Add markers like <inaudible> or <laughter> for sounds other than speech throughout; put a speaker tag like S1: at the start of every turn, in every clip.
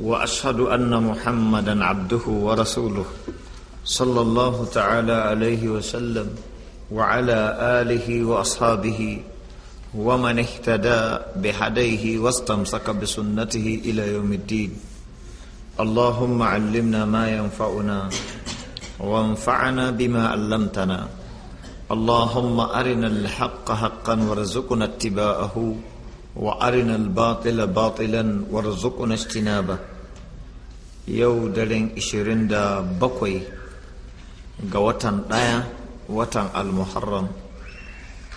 S1: واشهد ان محمدا عبده ورسوله صلى الله تعالى عليه وسلم وعلى اله واصحابه ومن اهتدى بهديه واستمسك بسنته الى يوم الدين اللهم علمنا ما ينفعنا وانفعنا بما علمتنا اللهم ارنا الحق حقا وارزقنا اتباعه وأرنا الباطل باطلا وارزقنا اجتنابه يو دلين إشرين دا بقوي غوطن دايا وطن المحرم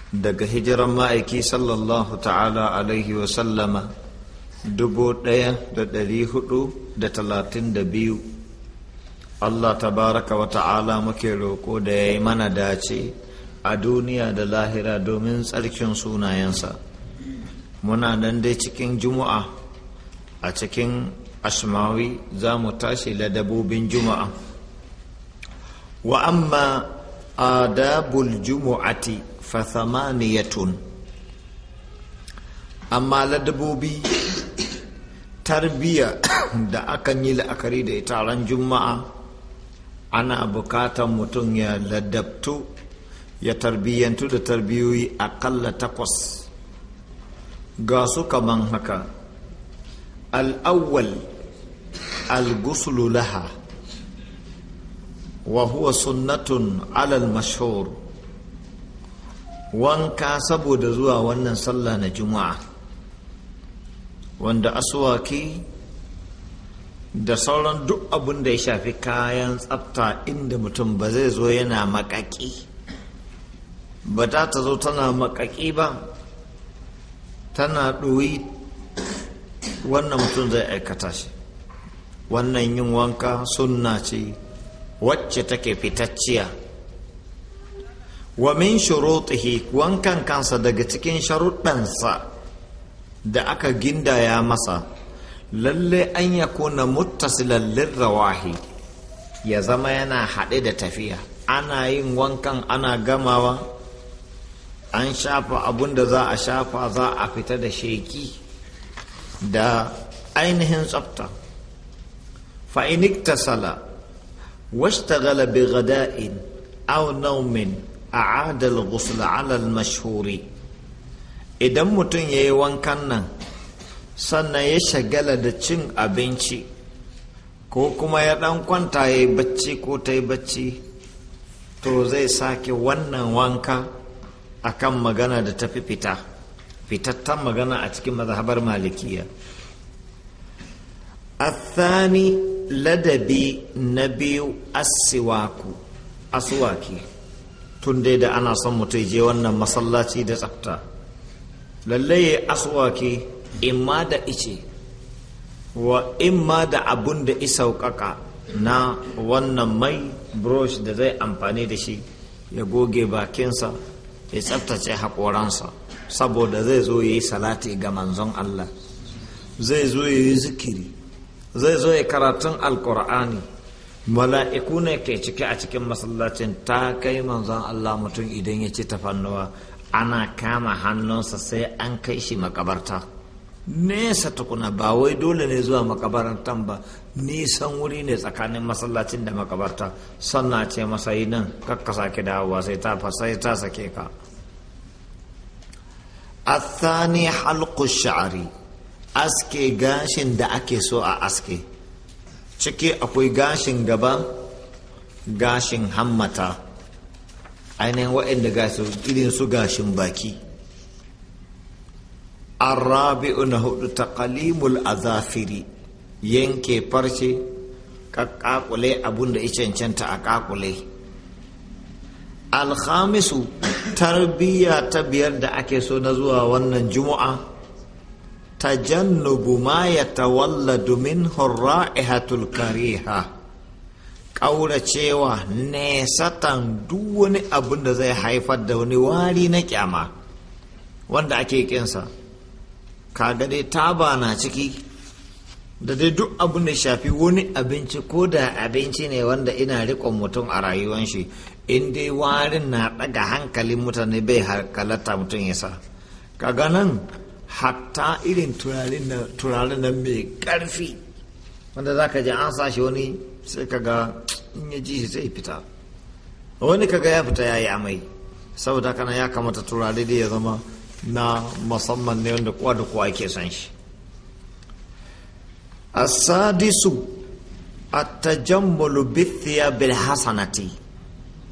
S1: daga hijiran ma'aiki sallallahu ta'ala alaihi sallama, dubu ɗaya da ɗari hudu da talatin da biyu allah tabaraka wa ta'ala muke roƙo da ya yi mana dace a duniya da lahira domin tsarkin sunayensa muna nan dai cikin juma'a a cikin ashmawi za mu tashi ladabobin juma'a wa amma adabul jumu'ati fa thamaniyatun amma ladabobi tarbiya <coughs> da akan yi la'akari da ita ran juma'a ana bukatar mutum ya ladabtu ya tarbiyyantu da tarbiyoyi akalla takwas ga su kaman haka al'awwal al-guslu laha wa huwa sunnatun alal mashhur wanka saboda zuwa wannan sallah na juma'a wanda asuwaki da sauran duk abin da ya shafi kayan tsafta inda mutum ba zai zo yana makaki ba ta ta zo tana makaki ba tana ɗoyi wannan mutum zai aikata shi wannan yin wanka sunna ce wacce take fitacciya wa min shurutihi wankan kansa daga cikin sharuɗansa da aka gindaya masa lalle an ya kuna muttasilan lirrawahi ya zama yana haɗe da tafiya ana yin wankan ana gamawa an shafa abun da za a shafa za a fita da sheki da ainihin tsafta fa'inik ta sala washtagala ga gada'in aw naumin a adal ghusl alal mashhuri idan mutum ya yi wankan nan sannan ya shagala da cin abinci ko kuma ya ɗan kwanta ya yi bacci ko ta yi bacci to zai sake wannan wanka akan magana da ta fi fita fitattan magana a cikin mazhabar malikiya athani ladabi na biyu asiwaku asuwaki. tun dai da ana son mutum je wannan masallaci da tsafta lallai asuwaki imma da ice wa imma da abun da isaukaka na wannan mai brush da zai amfani da shi ya goge bakinsa ya tsaftace haƙoransa saboda zai zo ya yi salati ga manzon Allah zai zo ya yi zikiri zai zo ya karatun alkur'ani mala'iku ne ke cike a cikin masallacin ta kai manzon Allah mutum idan ya ci tafannuwa ana kama hannunsa sai an kai shi makabarta nesa tukuna ba wai dole ne zuwa makabarantan ba nisan wuri ne tsakanin masallacin da makabarta sannan ce masa yi nan kakka sake dawowa sai ta sake ka athani حلق shari, aske gashin da ake so a aske ciki akwai gashin gaba gashin hammata ainihin waɗanda gashin irin su gashin baki Rabi'u na hudu ta a Zafiri, yanke farce kakkakule abun da ya cancanta a kakule alhamisu tarbiyya ta biyar da ake so na zuwa wannan juma'a Ta tajannubu ma ya tawalladu min ra'ihatul kariha ƙauracewa nesatan duk wani abin da zai haifar da wani wari na kyama wanda ake kinsa kaga dai taba na ciki da dai duk abin da shafi wani abinci ko da abinci ne wanda ina riƙon mutum a rayuwan shi in dai warin na ɗaga hankalin mutane bai harkalata mutum ya sa kaga nan hatta irin turaren nan mai ƙarfi wanda za ka ji an sa shi wani sai kaga in ya ji shi sai fita wani kaga ya fita ya yi amai saboda kana ya kamata turare da ya zama na musamman ne wanda kowa da kowa ke son shi asadisu at-tajammulu bi thiyabil hasanati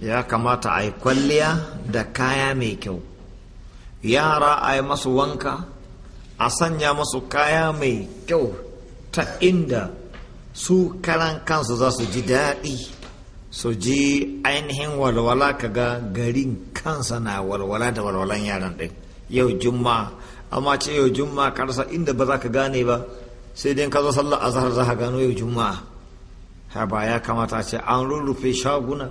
S1: ya kamata a yi kwalliya da kaya mai kyau yara a yi masu wanka a sanya masu kaya mai kyau ta inda su karan kansu za su ji daɗi su ji ainihin walwala kaga garin kansa na walwala da walwalan yaran ɗin yau juma amma ce yau juma karsa inda ba za ka gane ba sai dai ka zo sallar azhar za ka gano yau juma'a ha ba ya kamata ce an rurrufe shaguna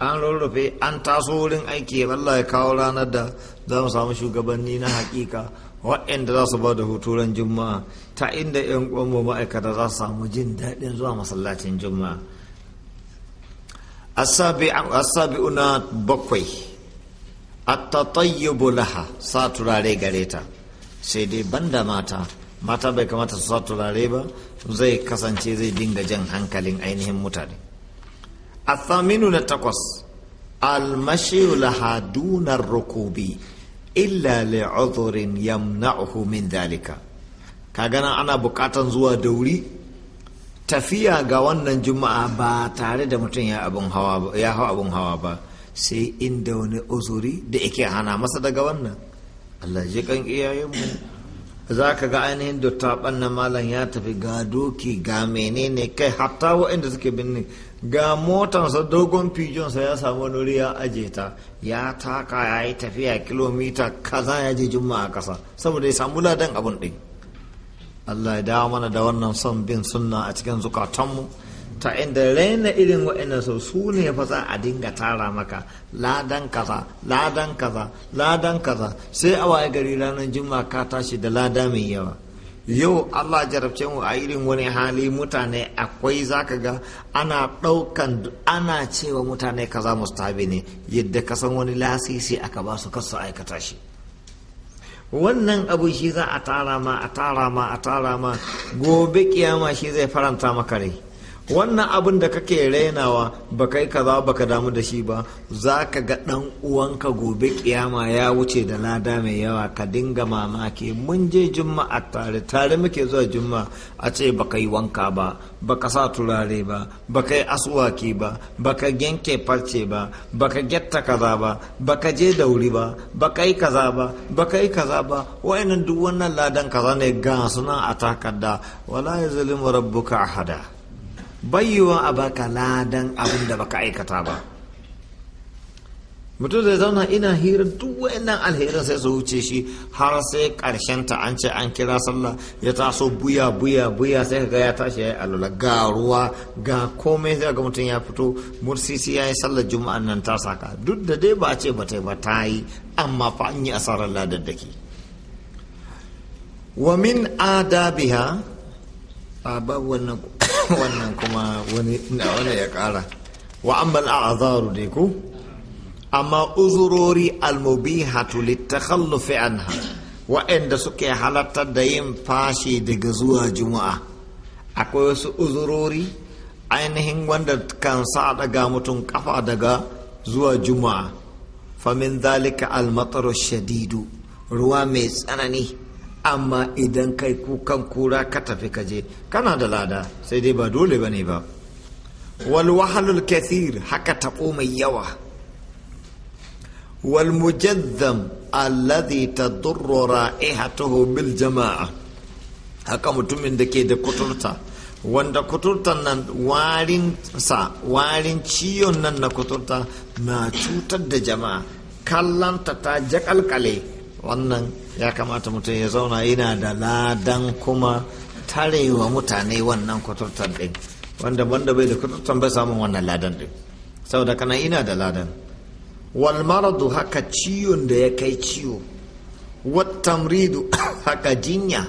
S1: an rurrufe an taso wurin aiki Allah ya kawo ranar da za mu samu shugabanni na hakika waɗanda za su ba da huturan juma'a ta inda 'yan mu ma'aikata za su samu jin daɗin zuwa masallacin juma'a asabi'una bakwai attatayyibu laha sa turare gare ta sai dai banda mata mata bai kamata su sa turare ba zai kasance zai dinga jan hankalin ainihin mutane athaminu na takwas almashiyu laha dunar rukubi illa li udhurin yamna'uhu min dhalika Ka gana ana bukatan zuwa da wuri tafiya ga wannan juma'a ba tare da mutum ya hau abin hawa ba sai inda wani uzuri da yake hana masa daga wannan Allah ji kan iyayenmu za ka ga ainihin dattaɓan na malam ya tafi ga doki ga menene kai hatta waɗanda suke binne ga motansa dogon pijonsa ya samu nuri ya aje ta ya taka ya yi tafiya kilomita kaza ya je jumma a kasa saboda ya samu ladan abun ɗin allah ya dawo mana da wannan son bin sunna a cikin zukatanmu ta inda raina irin wa'ina sau su ne fa za a dinga tara maka ladan kaza ladan kaza ladan kaza sai a waye gari ranar jumma ka tashi da lada mai yawa yau Allah jarabce mu a irin wani hali mutane akwai zaka ga ana ɗaukan ana cewa mutane kaza mustahabi ne yadda ka san wani lasisi aka ba su kasu aikata shi wannan abu shi za a tara ma a tara ma a tara ma gobe kiyama shi zai faranta maka rai wannan abin da kake rainawa ba kai kaza ba ka damu da shi ba za ka ga ɗan uwanka gobe kiyama ya wuce da lada mai yawa ka dinga mamaki mun je juma'a tare tare muke zuwa juma'a a ce ba ka wanka ba ba ka sa turare ba ba ka yi asuwaki ba ba ka genke farce ba ba ka getta kaza ba ba ka je da wuri ba ba ka kaza ba ba ka kaza ba wa'annan duk wannan ladan kaza ne ga suna a takarda wala ya rabbuka hada. bayyuwa a baka ladan abin da baka aikata ba mutum zai zauna ina hirar duk wayannan alherin sai su wuce shi har sai karshen ta an ce an kira sallah ya taso buya buya buya sai ga ya tashi ya yi alula ga ruwa ga komai sai ga mutum ya fito mursisi ya yi sallar juma'an nan ta saka duk da dai ba a ce ba ta ba ta yi amma fa an yi asarar ladaddaki wa min adabiha a babu wannan kuma wani ya kara wa ammal a'zaru ne ko amma uzurori almubihatu litakhallufi anha wa'anda suke halartar da yin fashi daga zuwa juma'a akwai wasu uzurori ainihin wanda kan sa daga mutum kafa daga zuwa juma'a famin zalika almatar shadidu ruwa mai tsanani amma idan kai kukan kura ka tafi ka je kana da lada sai dai ba dole ba ne ba wal wahalul kathir haka taɓo mai yawa wal mujazzam alladhi tadurru ra'ihatuhu bil jama'a haka mutumin da ke da kuturta wanda kuturtan nan warin sa warin ciyon nan na kuturta na cutar da jama'a kallanta ta jakalkale wannan ya kamata mutum ya zauna yana da ladan kuma tare wa mutane wannan kwatartan ɗin wanda banda bai da kwatartan bai samun wannan ladan ɗin saboda kana ina da ladan wal maradu haka ciwon da ya kai ciwo wat tamridu <coughs> haka jinya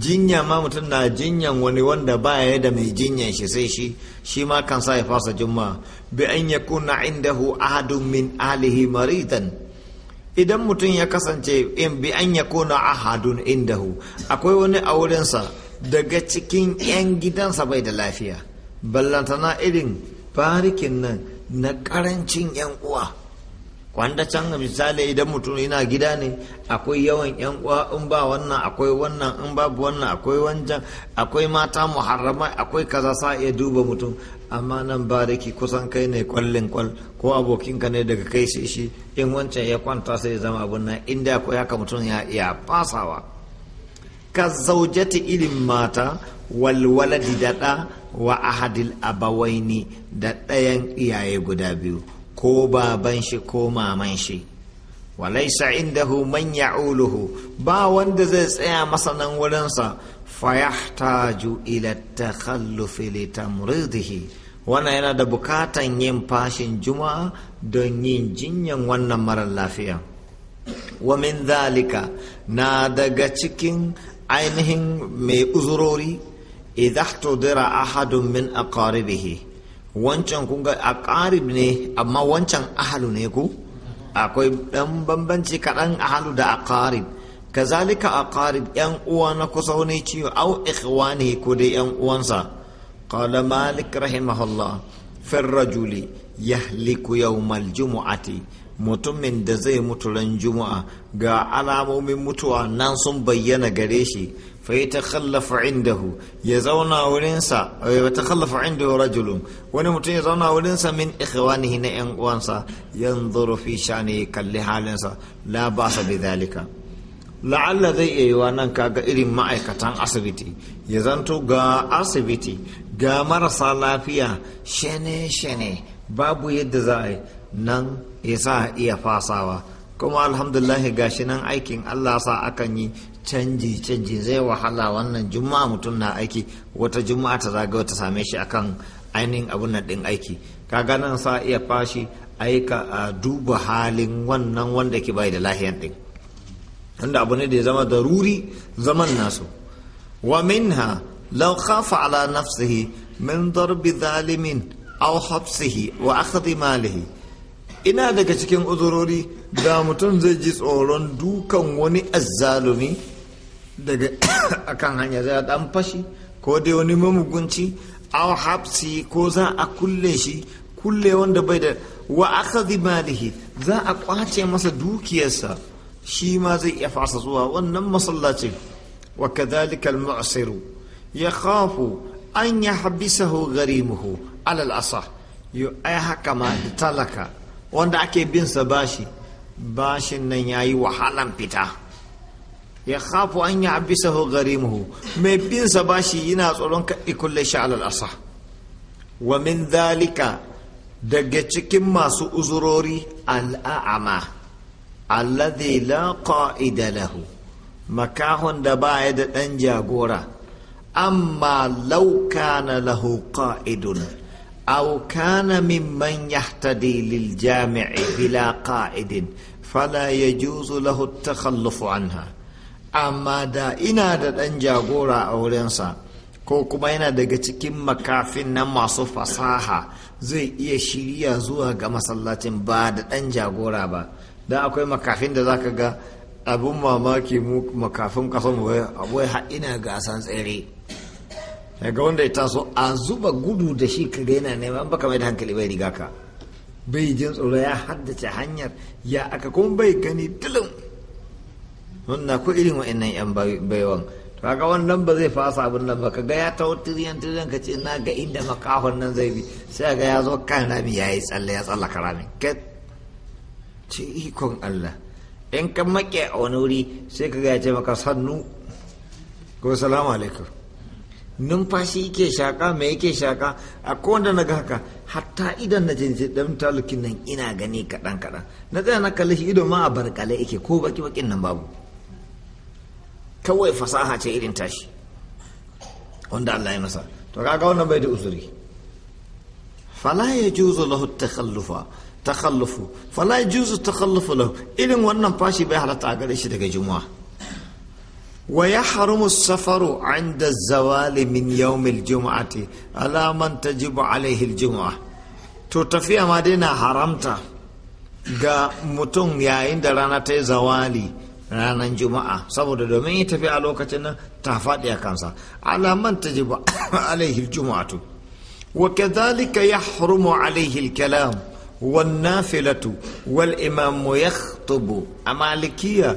S1: jinya ma mutum na jinyan wani wanda ba ya da mai jinyan shi sai shi shi ma kan sa ya fasa jumma bi an yakuna indahu ahadun min alihi maridan idan mutum ya kasance in bi an ya kona ahadun indahu akwai wani a wurinsa daga cikin 'yan gidansa bai da lafiya ballantana irin farikin nan na karancin 'yan uwa kwanda can misali idan mutum yana gida ne akwai yawan 'yan uwa in ba wannan akwai wannan in babu wannan akwai wancan akwai mata muharrama akwai kaza sa iya duba mutum amma nan ba kusan kai ne kwallin kwal ko abokinka ne daga kai sai shi in wancan ya kwanta sai ya zama abun nan inda ko ya mutum ya iya fasawa ka zaujati irin mata walwala da daɗa wa ahadil abawaini da ɗayan iyaye guda biyu ko baban shi ko maman shi walaisa indahu man ya'uluhu ba wanda zai tsaya masa nan wurinsa fayahtaju ila takhallufi li tamridihi wannan yana da bukatan yin fashin juma'a don yin jinyan wannan marar lafiya wa min zalika na daga cikin ainihin mai uzurori idhahtudira ahadun min aqaribihi wancan kunga a aqarib ne amma wancan ahalu ne ku akwai dan bambanci kaɗan ahalu da aqarib kazalika aqarib yan uwa na kusa wani ciwo au ikhwani ko da yan uwansa قال مالك رحمه الله في الرجل يهلك يوم الجمعة mutumin da zai mutu ran juma'a ga alamomin mutuwa nan sun bayyana gare shi fa ya takhallafa indahu ya zauna wurinsa ya takhallafa indahu rajulun wani mutum ya zauna wurinsa min ikhwanihi na yan uwansa yanzuru fi shani kalli halinsa la basa bi dhalika la'alla zai iya yiwa nan kaga irin ma'aikatan asibiti ya zanto ga asibiti ga marasa lafiya shane-shane babu yadda za a nan ya sa iya fasawa kuma alhamdulahi gashi nan aikin allah sa akan yi canji canji zai wahala wannan juma'a mutum na aiki wata juma'a ta zaga wata same shi akan ainihin abun nan din aiki kaga nan sa iya fashi aika a duba halin wannan wanda ke bai da lahiyan din wanda abu ne da ya zama daruri zaman nasu wa minha لو خاف على نفسه من ضرب ظالم أو حبسه وأخذ ماله ina daga cikin uzurori da mutum zai ji tsoron dukan wani azzalumi daga akan hanya zai dan fashi ko dai wani mamugunci aw hapsi ko za a kulle shi kulle wanda bai da wa akhadhi malihi za a kwace masa dukiyarsa shi ma zai iya fasa zuwa wannan masallacin wa kadhalika al-mu'siru yakhafu an yahbisahu gharimuhu alal asah yo ai haka ma talaka wanda ake bin sa bashi bashin nan yayi wahalan fita ya khafu an yahbisahu gharimuhu mai bin sa bashi yana tsoron ka ikulle shi alal asah wa min dhalika daga cikin masu uzurori al'a'ama alladhi la qa'ida lahu makahon da baya da dan jagora amma laukana lahu ƙa’idun au kana mimman yahtadi lil jami'i bila ƙa’idin fala ya juzu lahu takhallufu anha amma da ina da ɗan jagora a wurinsa ko kuma yana daga cikin makafin na masu fasaha zai iya shirya zuwa ga masallacin ba da ɗan jagora ba da akwai makafin da zaka ga abin mamaki mu makafin kasan wai ina gasan tsere. tsere ga wanda ya taso a zuba gudu da shi ka yana neman baka mai da hankali bai riga ka bai jin tsoro ya haddace hanyar ya aka kuma bai gani dilin wanda ko irin wa'annan yan baiwan to ga wannan ba zai fasa abin nan ba ka ga ya tawo tiriyan tiriyan ka ce na ga inda makahon nan zai bi sai ga ya zo kan rami ya yi tsalle ya tsallaka rami ket ce ikon Allah in ka make a wani wuri sai ka ga ya ce maka sannu ko salamu alaikum numfashi yake shaka me yake shaka a kowanda na ga haka hatta idan na jinsi dan talukin nan ina gani kaɗan kaɗan na tsaya na kalli shi ido ma a barkale yake ko baki bakin nan babu kawai fasaha ce irin tashi wanda Allah ya masa to kaga wannan bai da uzuri fala ya juzu lahu takhallufa takhallufu fala ya juzu takhallufu lahu irin wannan fashi bai halatta a gare shi daga juma'a ويحرم السفر عند الزوال من يوم الجمعة على من تجب عليه tafiya ma daina haramta ga mutum yayin da rana ta yi zawali ranar juma'a saboda domin ya tafi a lokacin nan ta faɗi a kansa alaman ta ji ba alaihil juma'atu wa kadhalika yahrumu alaihil kalam wan nafilatu wal imamu yakhtubu a malikiya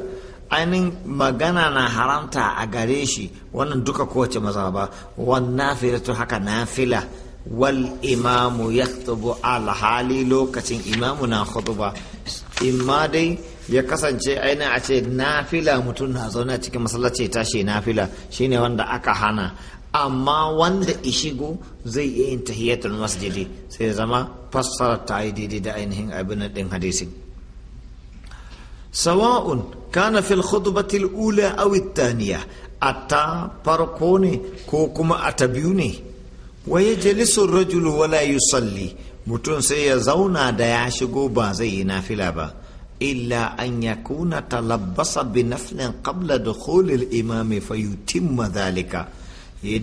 S1: ainihin magana na haramta a gare shi wannan duka kowace maza ba wannan filatu haka nafila wal imamu ya alhali lokacin imamu na ba imma dai ya kasance ainihin a ce nafila mutum na zaune cikin masallaci tashi nafila shine wanda aka hana amma wanda ishigo zai iya yin tahiyatul masjidi sai zama fassara ta yi daidai da ainihin abin din hadisin sawa'un kana fil khutbatil ula aw a ta farko ne ko kuma a ta biyu ne wa yajlisu rajulu wala yusalli mutum sai ya zauna da ya shigo ba zai yi nafila ba illa an ya yakuna talabbasa bi kabla qabla dukhulil imami fayutimma dhalika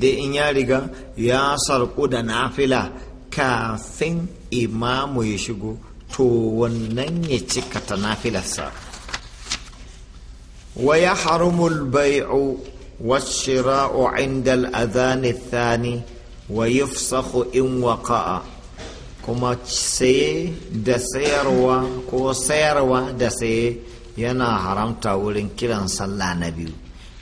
S1: dai in ya riga ya sarku da nafila kafin imamu ya shigo to wannan ya cika ta nafilarsa ويحرم البيع والشراء عند الأذان الثاني in إن وقع kuma saye da sayarwa ko sayarwa da saye yana haramta wurin kiran sallah na biyu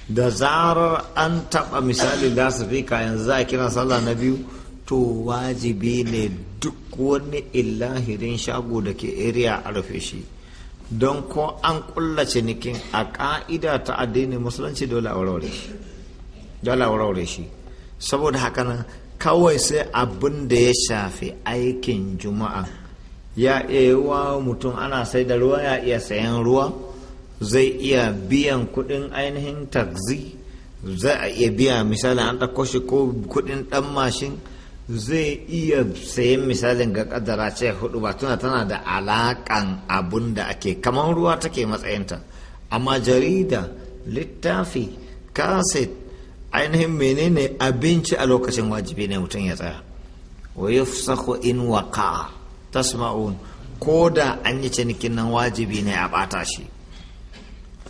S1: da zarar an taɓa misali da su fi kayan za a kiran sallah na biyu to wajibi ne duk wani illahirin shago da ke area a rufe shi don ko an kulla cinikin a ka'ida ta addinin musulunci dole a warware shi saboda haka nan kawai sai abin da ya shafi aikin juma'a ya ewa mutum ana sai da ruwa ya iya sayan ruwa zai iya biyan kudin ainihin taxi zai iya biya misali an ɗauko shi ko kudin ɗan mashin zai iya sayan misalin ga kadara ce hudu ba tuna tana da alakan abun da ake kamar ruwa take matsayinta amma jarida littafi kaset ainihin menene abinci a lokacin wajibi ne mutum ya tsaya wa yufsahu in waka tasma'un ko da an yi cinikin nan wajibi ne a bata shi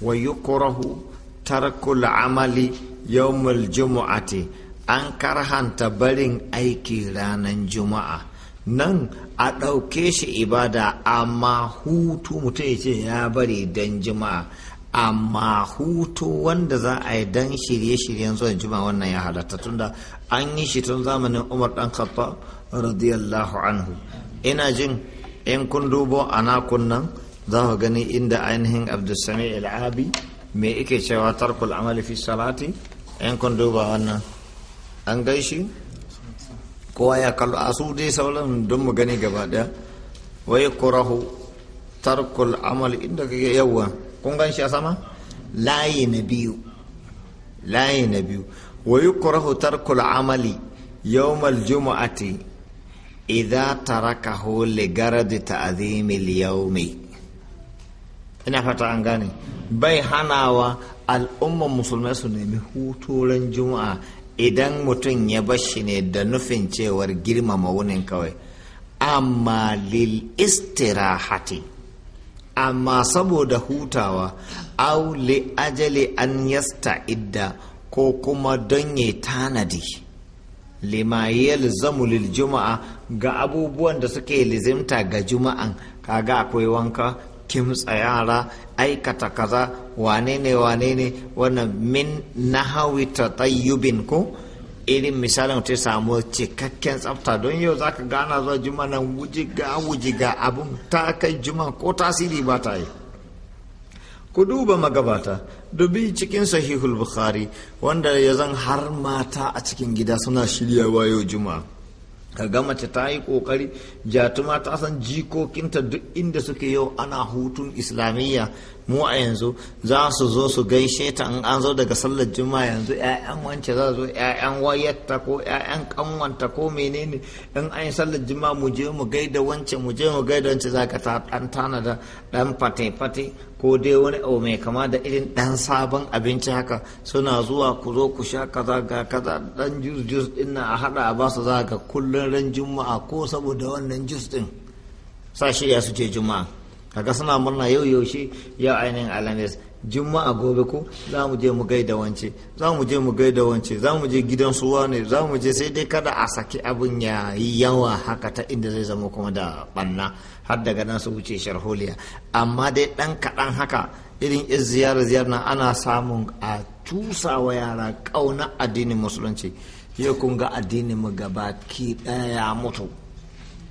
S1: wa yukrahu tarkul amali yawmul jumu'ati an karhanta barin aiki ranar juma'a nan a ɗauke shi ibada amma hutu mutum ya ce ya bari don juma'a amma hutu wanda za a yi don shirye-shiryen zuwa juma'a wannan ya halatta tunda an yi shi tun zamanin umar dan kafa radiyallahu anhu ina jin in kun dubo a nakun nan za ku gani inda ainihin abdulsami al'abi me ike cewa tarkul amali salati in kun duba wannan an gaishi kowa ya kallo a su dai sauran don mu gani gaba daya wai kurahu tarkul amal inda kake yawa kun gan shi a sama layi na biyu layi na biyu wai kurahu tarkul amali yawmal jumu'ati idza tarakahu li garadi ta'zimil yawmi ina fata an gane bai hanawa al'umman musulmai su nemi hutu ran juma'a idan mutum ya bashi ne da nufin cewar girmama wunin kawai amma lil istirahati amma saboda hutawa au li ajali an yasta idda ko kuma don ya tanadi lima yalzamu lil juma'a ga abubuwan da suke lizimta ga juma'an kaga akwai wanka kimtsa yara aikata kaza wane ne wane ne wannan min ta tatayyubin ko irin misalin ta samu cikakken tsafta don yau za ka gana zuwa juma nan wujiga wujiga abin ta kai juma ko tasiri ba ta yi ku duba magabata dubi cikin sahihul bukhari wanda ya zan har mata a cikin gida suna shiryawa yau juma'a ka ga mace ta yi kokari jatuma ta san jikokinta duk inda suke yau ana hutun islamiyya mu a yanzu za su zo su gaishe ta in an zo daga sallar juma'a yanzu ya'yan wance za zo ya'yan wayarta ko ya'yan kanwanta ko menene in an yi sallar juma'a mu je mu gaida wance mu je mu gaida wance za ka ta ɗan tana da ɗan fate-fate ko dai wani abu mai kama da irin ɗan sabon abinci haka suna zuwa ku zo ku sha kaza ga kaza ɗan jus jus ɗin a haɗa a basu za ga kullun ran juma'a ko saboda wannan jus ɗin sa shirya su je juma'a kaga suna murna yau yaushe yau ainihin alamis juma'a gobe ko za mu je mu gaida wance za mu je mu gaida wance za mu je gidan suwa ne za mu je sai dai kada a saki abin ya yi yawa haka ta inda zai zama kuma da banna har daga nan su wuce sharholiya amma dai dan kaɗan haka irin iz ziyara ziyara ana samun a tusa wa yara kauna addinin musulunci yau kun ga addinin mu gaba ki daya mutu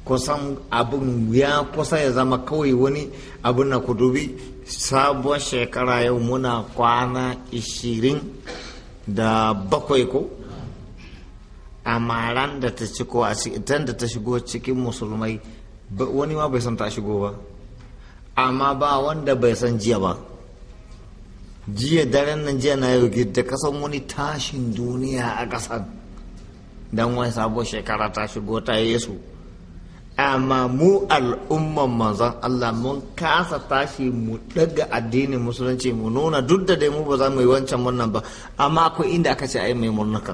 S1: kusan abin ya kusa ya zama kawai wani abin na kudubi dubi sabon shekara yau muna kwana ishirin da bakwai ko amma ran da ta ci ko a da ta shigo cikin musulmai wani ma bai san ta shigo ba amma ba wanda bai san jiya ba jiya daren nan jiya na yau da kasan wani tashin duniya a kasan don wani sabon shekara ta shigo ta yesu amma mu al'umman manzon Allah mun kasa tashi mu daga addinin musulunci mu nuna duk da dai mu ba za mu yi wancan wannan ba amma akwai inda aka ce ai mai murnukan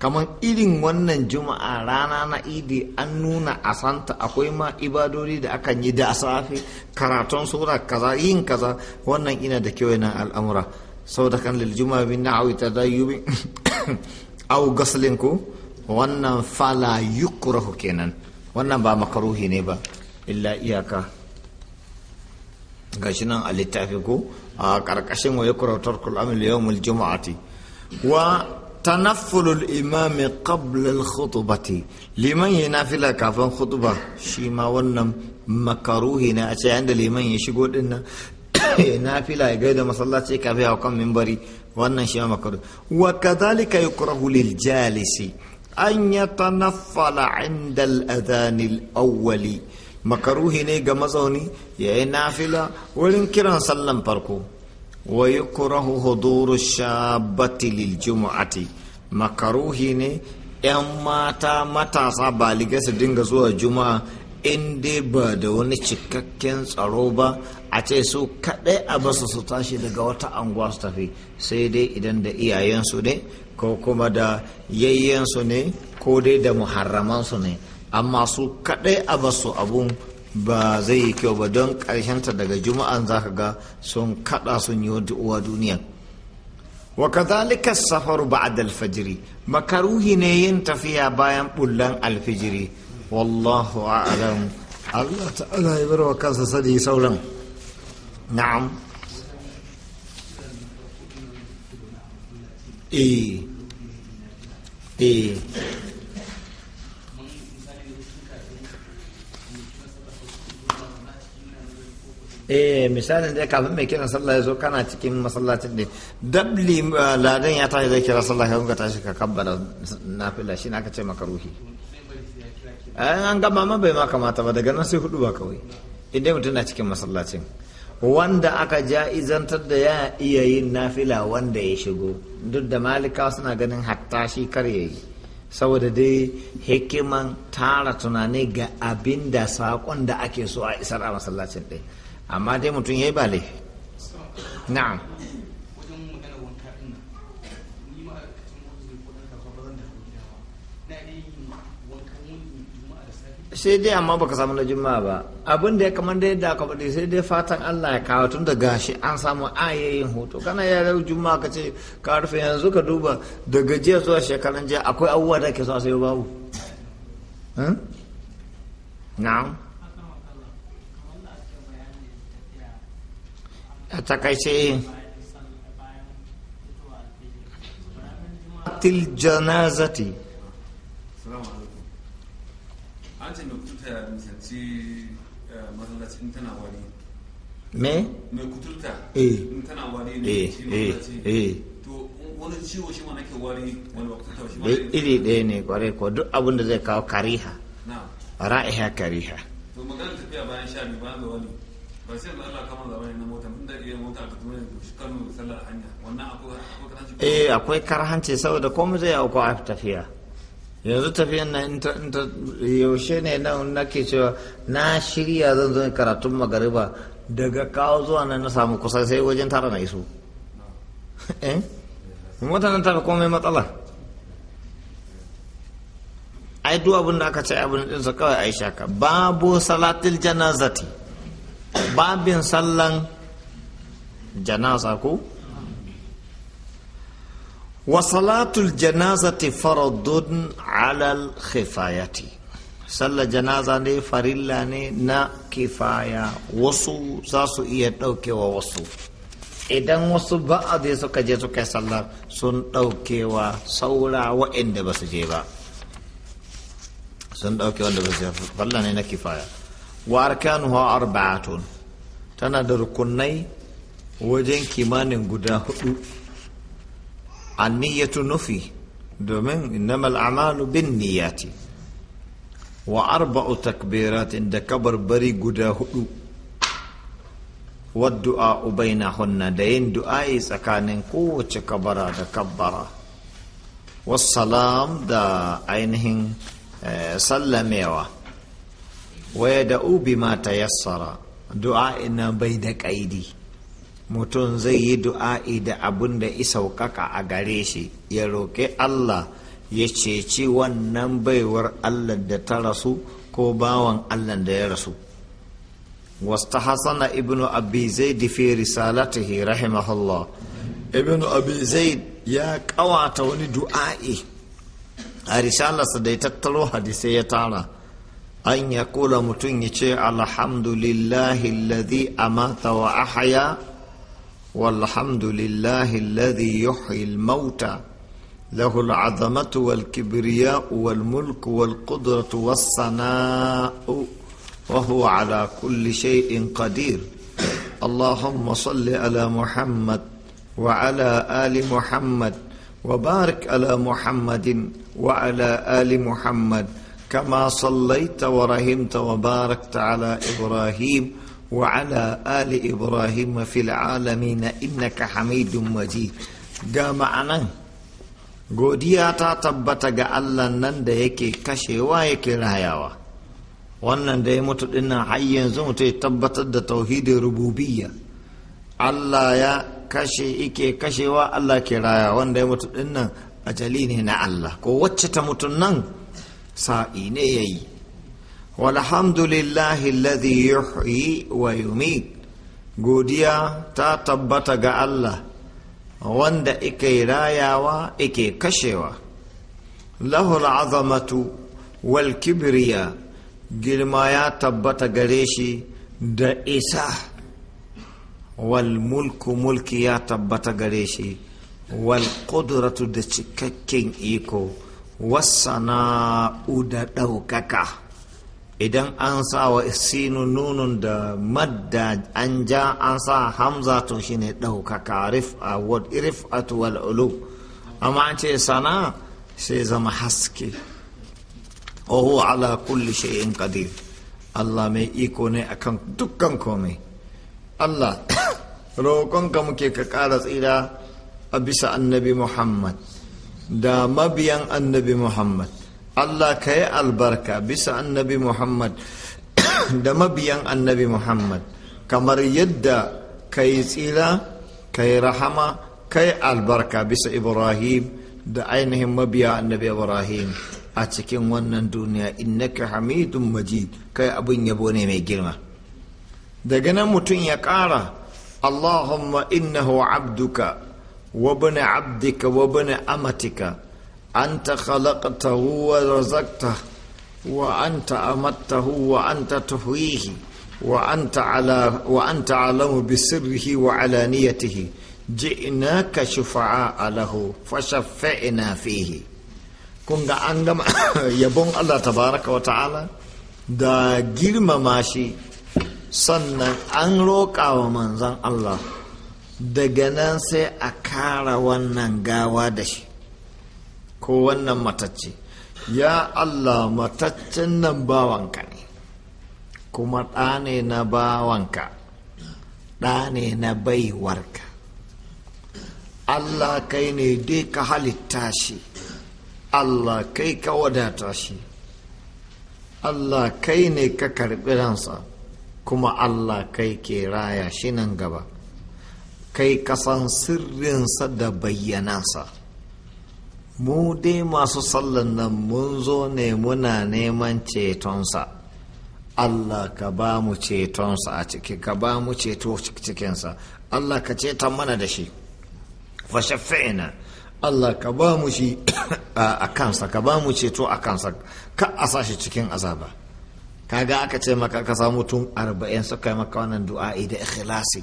S1: kamar irin wannan juma'a rana na idi an nuna a santa akwai ma ibadori da akan yi da safe karatun sura kaza yin kaza wannan ina da kyau yana al'amura da kan lil juma'a bin na'awi tadayyubi <coughs> au gaslin wannan fala yukrahu kenan wannan ba makaruhi ne ba illa iyaka gashi nan a littafi ko a ƙarƙashin wa yakura tarkul amil yawmul jumu'ati wa tanaffulul imami qabla al-khutbati liman na fila kafin khutba shi ma wannan makaruhi ne a ce yanda liman ya shigo din nan <coughs> na fila ya gaida masallaci kafin ya kan mimbari wannan shi ma makaruhi wa kadhalika yukrahu lil jalisi an ya inda al-adhan al-awwali makaruhi ne ga mazauni ya yi nafila wurin kiran sallan farko wa yi huduru shabati lil jumu'ati makaruhi ne 'yan mata matasa baligai su dinga zuwa juma'a in dai ba da wani cikakken tsaro ba a ce su kaɗai a basu su tashi daga wata anguwa su tafi sai dai idan da iyayensu ne ko kuma da yayyensu ne ko dai da muharramansu ne amma su kaɗai a basu abun ba zai yi kyau ba don ta daga juma'an za ka ga sun kaɗa sun yi uwa duniya wa kazalika safaru ba'da alfajiri makaruhi ne yin tafiya bayan bullan alfijiri wallahu a'lam Allah ta'ala ya bar wa kansa sadi sauran na'am eh eh eh misalin da kafin mai kiran sallah ya zo kana cikin masallacin ne dabli eh, ladan ya tashi zai kira sallah ya tashi ka kabbala fila shi na ka ce maka eh, an gama ma bai ma kamata ba daga nan sai hudu ba kawai idan mutum na cikin masallacin wanda aka ja'izantar da ya iya yin nafila wanda ya shigo duk da malika suna ganin hatta shi kar ya yi saboda dai hikiman tara tunani ga abin da saƙon da ake so a isar a masallacin ɗin amma dai mutum ya yi ba laifi na'am sai dai amma baka samu na juma'a ba abin da ya kamar da yadda aka faɗi sai dai fatan Allah ya kawo tun da gashi an samu ayayin hoto kana ya rau juma'a ka ce ka rufe yanzu ka duba daga jiya zuwa shekaran jiya akwai abubuwa da ke so a sayo babu hmm? na'am a takaice janazati
S2: an ce mai kuturta ya nisanci eh, masallaci in tana wari me mai kuturta eh. in tana wari ne eh, shi masallaci to wani ciwo shi ma nake wari wani kuturta shi ma iri
S1: ɗaya ne kwarai ko duk abin da zai kawo kariha Na. ra'iha kariha
S2: to magana tafiya bayan sha biyu bayan da wani ba sai da Allah kama zama ne na mota tun da iya mota ka tuna da shi kanu sallar hanya wannan akwai karhanci
S1: akwai karhanci saboda komai zai auku a tafiya yanzu tafiyan na yaushe ne nan nake cewa na shirya zan zo karatun magariba daga kawo zuwa nan na samu kusa sai wajen tara na iso <laughs> eh mutanen tara komai matsala ai duk abin da aka ce abin ɗinsa kawai ai shaka babu salatil janazati babin sallan janaza ko wasalatul salatul fara faradun alal khifayati sallar janaza ne farilla ne na kifaya wasu za su iya daukewa wasu idan wasu ba a zai suka je suka sallar sun daukewa saura wa'inda ba su je ba sun daukewa wanda ba su je ba. ne na kifaya wa arkanuha arba'atun tana da rukunai wajen kimanin guda hudu anniyatu nufi domin innamal amalu bin niyati wa arba'u takbiratin da kabarbari guda hudu wadda ubaina hunna da yin du'a'i tsakanin kowace kabara da kabbara wassalam da ainihin sallamewa waya da ubi ma ta Du'a ina bai da ƙaidi mutum zai yi du'a'i da abin da isaukaka a gare shi ya roƙi Allah ya ceci wannan baiwar Allah da ta rasu ko bawan Allah da ya rasu wasta hasana ibnu abi zaid fi risalatihi rahimahullah ibnu abi zaid ya kawata wani du'a'i a risalarsa da ya tattaro hadisai ya tara an ya kula mutum ya ce alhamdulillahi alladhi amata wa ahaya والحمد لله الذي يحيي الموتى له العظمة والكبرياء والملك والقدرة والصناء وهو على كل شيء قدير اللهم صل على محمد وعلى آل محمد وبارك على محمد وعلى آل محمد كما صليت ورحمت وباركت على إبراهيم وعلى آل إبراهيم في العالمين إنك حميد مجيد ga ma'anan godiya ta tabbata ga allah nan da yake kashewa yake rayawa wannan da ya mutu dinnan har yanzu mutu ya tabbatar da tauhidin rububiyya allah ya kashe ike kashewa allah ke raya wanda ya mutu dinnan ajali ne na allah ko wacce ta mutu nan sa'i ne yayi والحمد lillahi الذي yuhyi wa yumit godiya ta tabbata ga Allah wanda ike rayawa ike kashewa lahul azamatu wal kibriya girma ya tabbata gare shi da isa wal mulku mulki ya tabbata gare shi wal kudratu da cikakken iko wasana'u da ɗaukaka idan an sa wa sinu nunun da madda an ja an sa hamza tun shine ɗaukaka rif'a wal rif'atu wal ulu amma an ce sana sai zama haske wa ala kulli shay'in qadir Allah mai iko ne akan dukkan komai Allah <coughs> roƙonka muke ka ƙara tsira a bisa annabi Muhammad da mabiyan annabi Muhammad Allah ka yi albarka bisa annabi Muhammad <coughs> da mabiyan annabi Muhammad kamar yadda ka yi tsira ka yi rahama ka yi albarka bisa Ibrahim da ainihin mabiya annabi Ibrahim a cikin wannan duniya innaka hamidun majid kai abin yabo ne mai girma daga nan mutum ya ƙara Allahumma innahu abduka wa abdika wa amatika أنت خلقته ورزقته وأنت أمته وأنت تهويه وأنت على وأنت أعلم بسره وعلانيته جئناك شفعاء له فشفعنا فيه كن عندما <coughs> يبون الله تبارك وتعالى دا جرم ماشي سنة أن روك أو منزل الله دا جنان سي أكار ونن غاوا ko wannan matacce ya allah mataccen nan bawanka ne kuma ɗa ne na bawanka ɗa na baiwarka allah kai ne dai ka halitta shi allah kai ka wadata shi allah kai ne ka karɓi ransa kuma allah kai ke raya shi nan gaba kai kasan sirrinsa da bayyanansa mu dai masu sallan nan mun zo ne muna neman cetonsa allah ka ba mu cetonsa a ciki ka ba mu ceto cikinsa allah ka ceta mana da shi fashafina allah ka ba mu shi <coughs> a kansa ka ba mu ceto a kansa ka a sa shi cikin azaba kaga aka ce maka ka samu tun arba'in suka yi maka wannan du'a'i da ikhlasi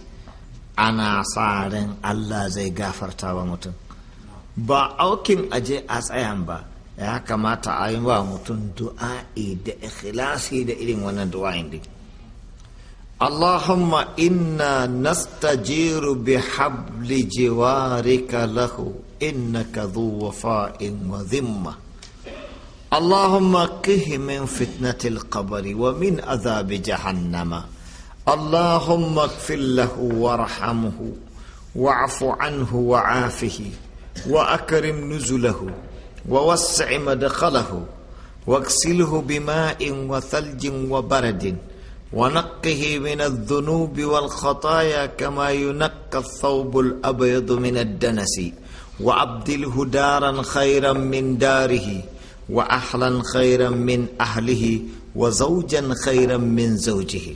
S1: ana sa ran allah zai gafarta wa mutum ba aukin aje a tsayan ba ya kamata a yi wa mutum du'a'i da ikhlasi da irin wannan du'a'in din Allahumma inna nastajiru bi habli jiwarika lahu innaka dhu wafa'in wa dhimma Allahumma qih min fitnati al-qabri wa min adhab jahannama Allahumma ighfir lahu warhamhu wa'fu anhu wa'afihi وأكرم نزله ووسع مدخله واغسله بماء وثلج وبرد ونقه من الذنوب والخطايا كما ينقى الثوب الأبيض من الدنس وأبدله دارا خيرا من داره وأحلا خيرا من أهله وزوجا خيرا من زوجه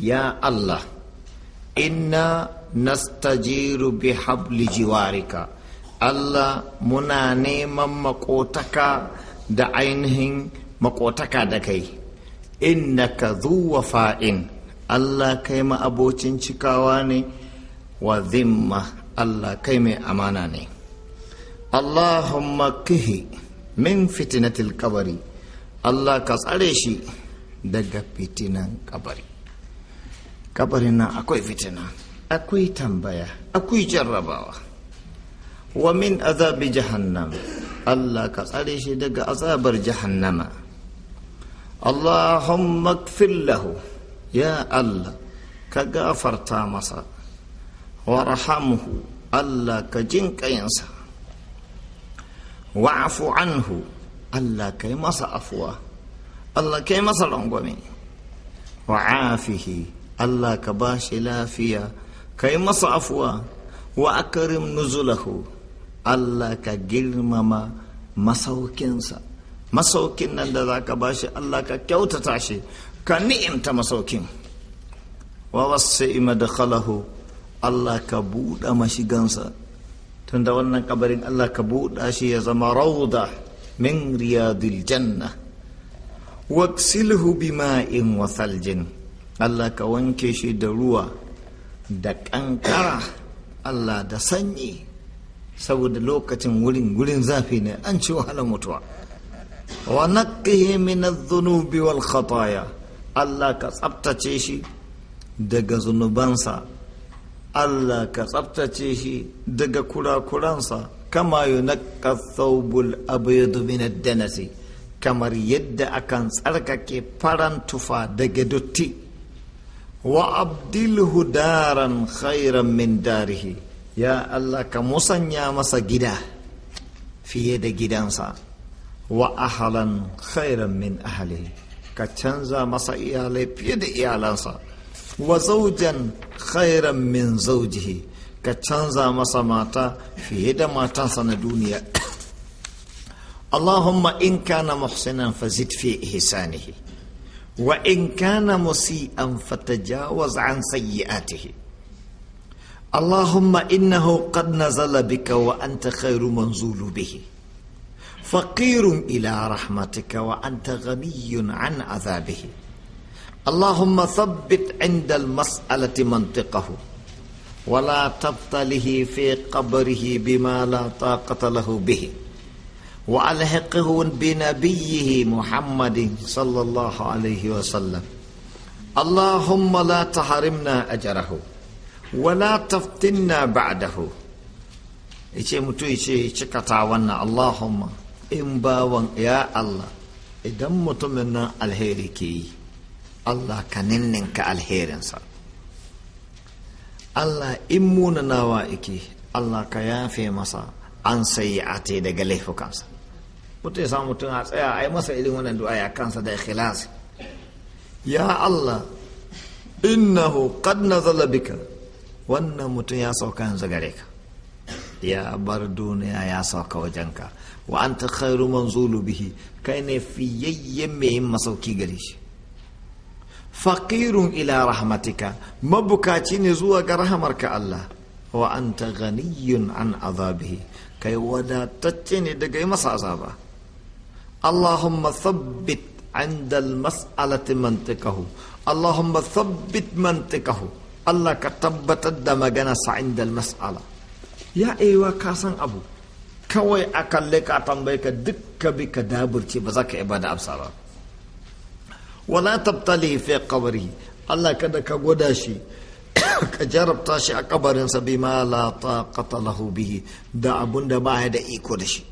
S1: يا الله إنا نستجير بحبل جوارك Allah muna neman makotaka da ainihin makotaka da kai innaka zuwa fa'in Allah kai ma'abocin cikawa ne wa zimma Allah kai mai amana ne Allahumma kihi min fitinatil kabari Allah ka tsare shi daga fitinan kabari kabarin nan akwai fitina akwai tambaya akwai jarrabawa wa min azabi jahannam Allah ka tsare shi daga azabar jahannama Allahumma kfir lahu ya Allah ka gafarta masa warhamhu Allah ka jin wa afu anhu Allah ka yi masa afuwa Allah ka yi masa rangwame wa'afihi Allah ka ba shi lafiya ka yi masa afuwa wa akrim nuzulahu Allah ka girmama masaukinsa masaukin nan da za ka bashi Allah ka kyautata shi ka ni'imta masaukin wa wasu khalahu Allah ka buɗa mashigansa tunda wannan kabarin Allah ka buɗa shi ya zama rauda min riyadil janna waksilhu bima'in wa saljin Allah ka wanke shi da ruwa da ƙanƙara Allah da sanyi saboda lokacin wurin wurin zafi ne an ci wahalar mutuwa wa naqqihi min adh-dhunubi wal khataaya Allah ka tsabtace shi daga zunubansa Allah ka tsabtace shi daga kurakuransa kama yunaqqa thawbul abyadu min ad-danasi kamar yadda akan tsarkake faran tufa daga dotti wa abdilhu daran khairan min darihi ya Allah ka musanya masa gida fiye da gidansa wa ahalan khairan min ahali ka canza masa iyalai fiye da iyalansa wa zaujan khairan min zaujihi ka canza masa mata fiye da matansa na duniya <coughs> Allahumma in kana muhsinan fazid fi ihsanihi wa in kana musi'an fatajawaz an sayyi'atihi اللهم إنه قد نزل بك وأنت خير منزول به فقير إلى رحمتك وأنت غني عن عذابه اللهم ثبت عند المسألة منطقه ولا تبطله في قبره بما لا طاقة له به وألحقه بنبيه محمد صلى الله عليه وسلم اللهم لا تحرمنا أجره wala taftinna ba'dahu yace mutum yace cikata wannan Allahumma in bawan ya Allah idan mutumin nan alheri ke yi Allah ka ninninka alherinsa Allah in munanawa ike Allah ka yafe masa an sayi ate daga laifukansa mutum ya samu mutum a tsaya a yi masa irin wannan du'a ya kansa da ikhlasi ya Allah innahu qad nazala bika wannan mutum ya sauka yanzu gare ka ya bar duniya ya sauka wajenka wa an ta khairu manzulu bihi kai ne fiyayyen mai masauki gare shi faƙirun ila rahmatika mabukaci ne zuwa ga rahamarka Allah wa an ta ganiyun an azabihi kai wadatacce ne daga yi masa azaba Allahumma thabbit عند المسألة منطقه اللهم ثبت منطقه Allah ka tabbatar da magana sa'in da mas'ala ya aiwa ka san abu kawai a kalle ka tambaye ka ka bi ka daburce ba za ka iya bada amsa ba wala tabtali fi qabri Allah kada ka gwada shi <coughs> ka jarabta shi a kabarinsa bima la taqata lahu bihi da abun da ba ya da iko da shi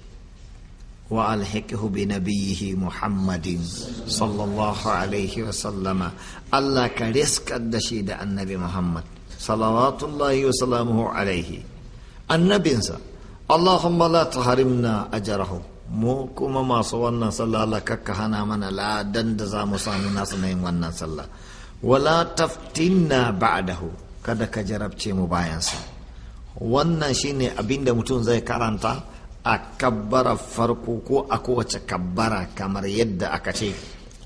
S1: والحقه بنبيه محمد صلى الله عليه وسلم الله كرسك الدشيد النبي محمد صلوات الله وسلامه عليه النبي انسى اللهم لا تحرمنا اجره مو كما ما صلى الله لك كهنا من لا دندزا مصام الناس نيم وانا صلى ولا تفتنا بعده كذا كجرب شيء وانا شيني ابين دمتون زي كارانتا a kabbara farko ko a kowace kabbara kamar yadda aka ce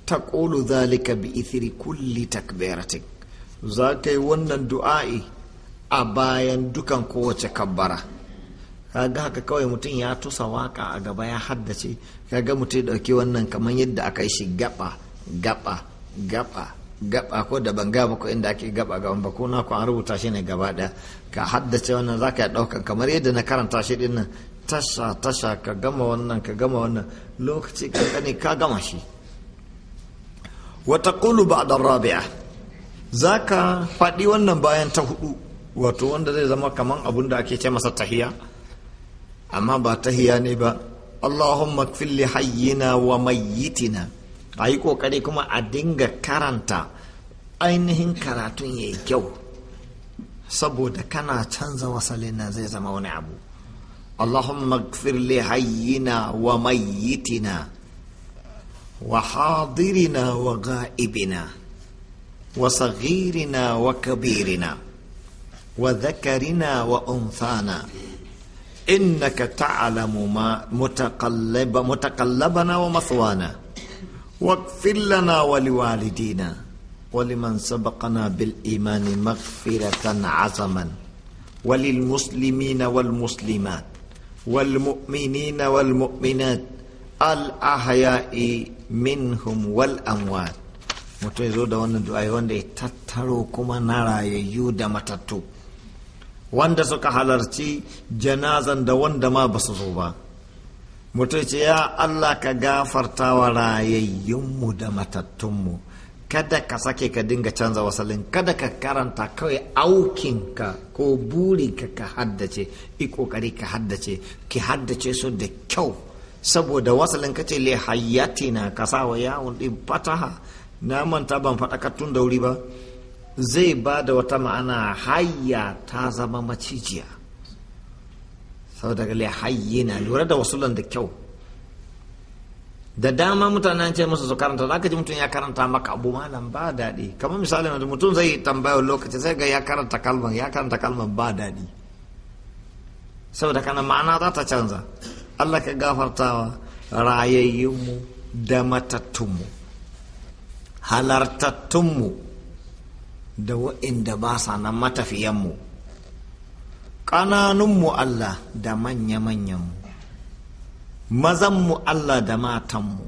S1: ta ƙolu zalika bi ithiri kulli takbiratik za ka yi wannan du'a'i a bayan dukan kowace kabbara kaga haka kawai mutum ya tusa waka a gaba ya haddace kaga mutum ya ɗauki wannan kamar yadda aka yi shi gaba gaba gaba gaba ko da ban gaba ko inda ake gaba gaban ba ko na ku an rubuta shi ne gaba ɗaya ka haddace wannan za ka yi ɗaukan kamar yadda na karanta shi ɗin tasha tasha ka gama wannan ka gama wannan lokaci kankani ka gama shi wata kulu ba da rabia za ka faɗi wannan bayan ta hudu wato wanda zai zama kaman abun da ake ce masa tahiya amma ba tahiya ne ba allahumma fili hayyina wa mayyitina a yi kokari kuma a dinga karanta ainihin karatun ya yi kyau saboda kana canza wasalina zai zama wani abu اللهم اغفر لحينا وميتنا وحاضرنا وغائبنا وصغيرنا وكبيرنا وذكرنا وانثانا انك تعلم ما متقلب متقلبنا ومثوانا واغفر لنا ولوالدينا ولمن سبقنا بالايمان مغفره عظما وللمسلمين والمسلمات والمؤمنين والمؤمنات الأحياء منهم والأموات mutum ya zo da wannan du'ai wanda ya tattaro kuma na rayayyu da matattu wanda suka halarci janazan da wanda ma ba su zo ba mutum ce ya allah ka gafarta wa rayayyunmu da matattunmu kada ka sake ka dinga canza wasalin kada ka karanta kawai aukin ka, ko burinka ka ka haddace ikokari ka haddace ki haddace su da kyau saboda wasalin ka ce le na ka sa wa yawon din fataha na manta ban faɗa tun da wuri ba zai ba da wata ma'ana hayya ta zama macijiya saboda le hayyina lura da wasulan da kyau da dama mutanen ce musu su karanta za ka ji mutum ya karanta maka abu malam ba daɗi kamar misali yanzu mutum zai tambaya lokaci sai ga ya karanta kalman ya karanta kalman ba daɗi saboda kana ma'ana za ta canza Allah ka gafartawa rayayyunmu da matattunmu halartattunmu da wa'inda ba sa nan matafiyanmu ƙananunmu Allah da manya-manyanmu mazanmu Allah da matanmu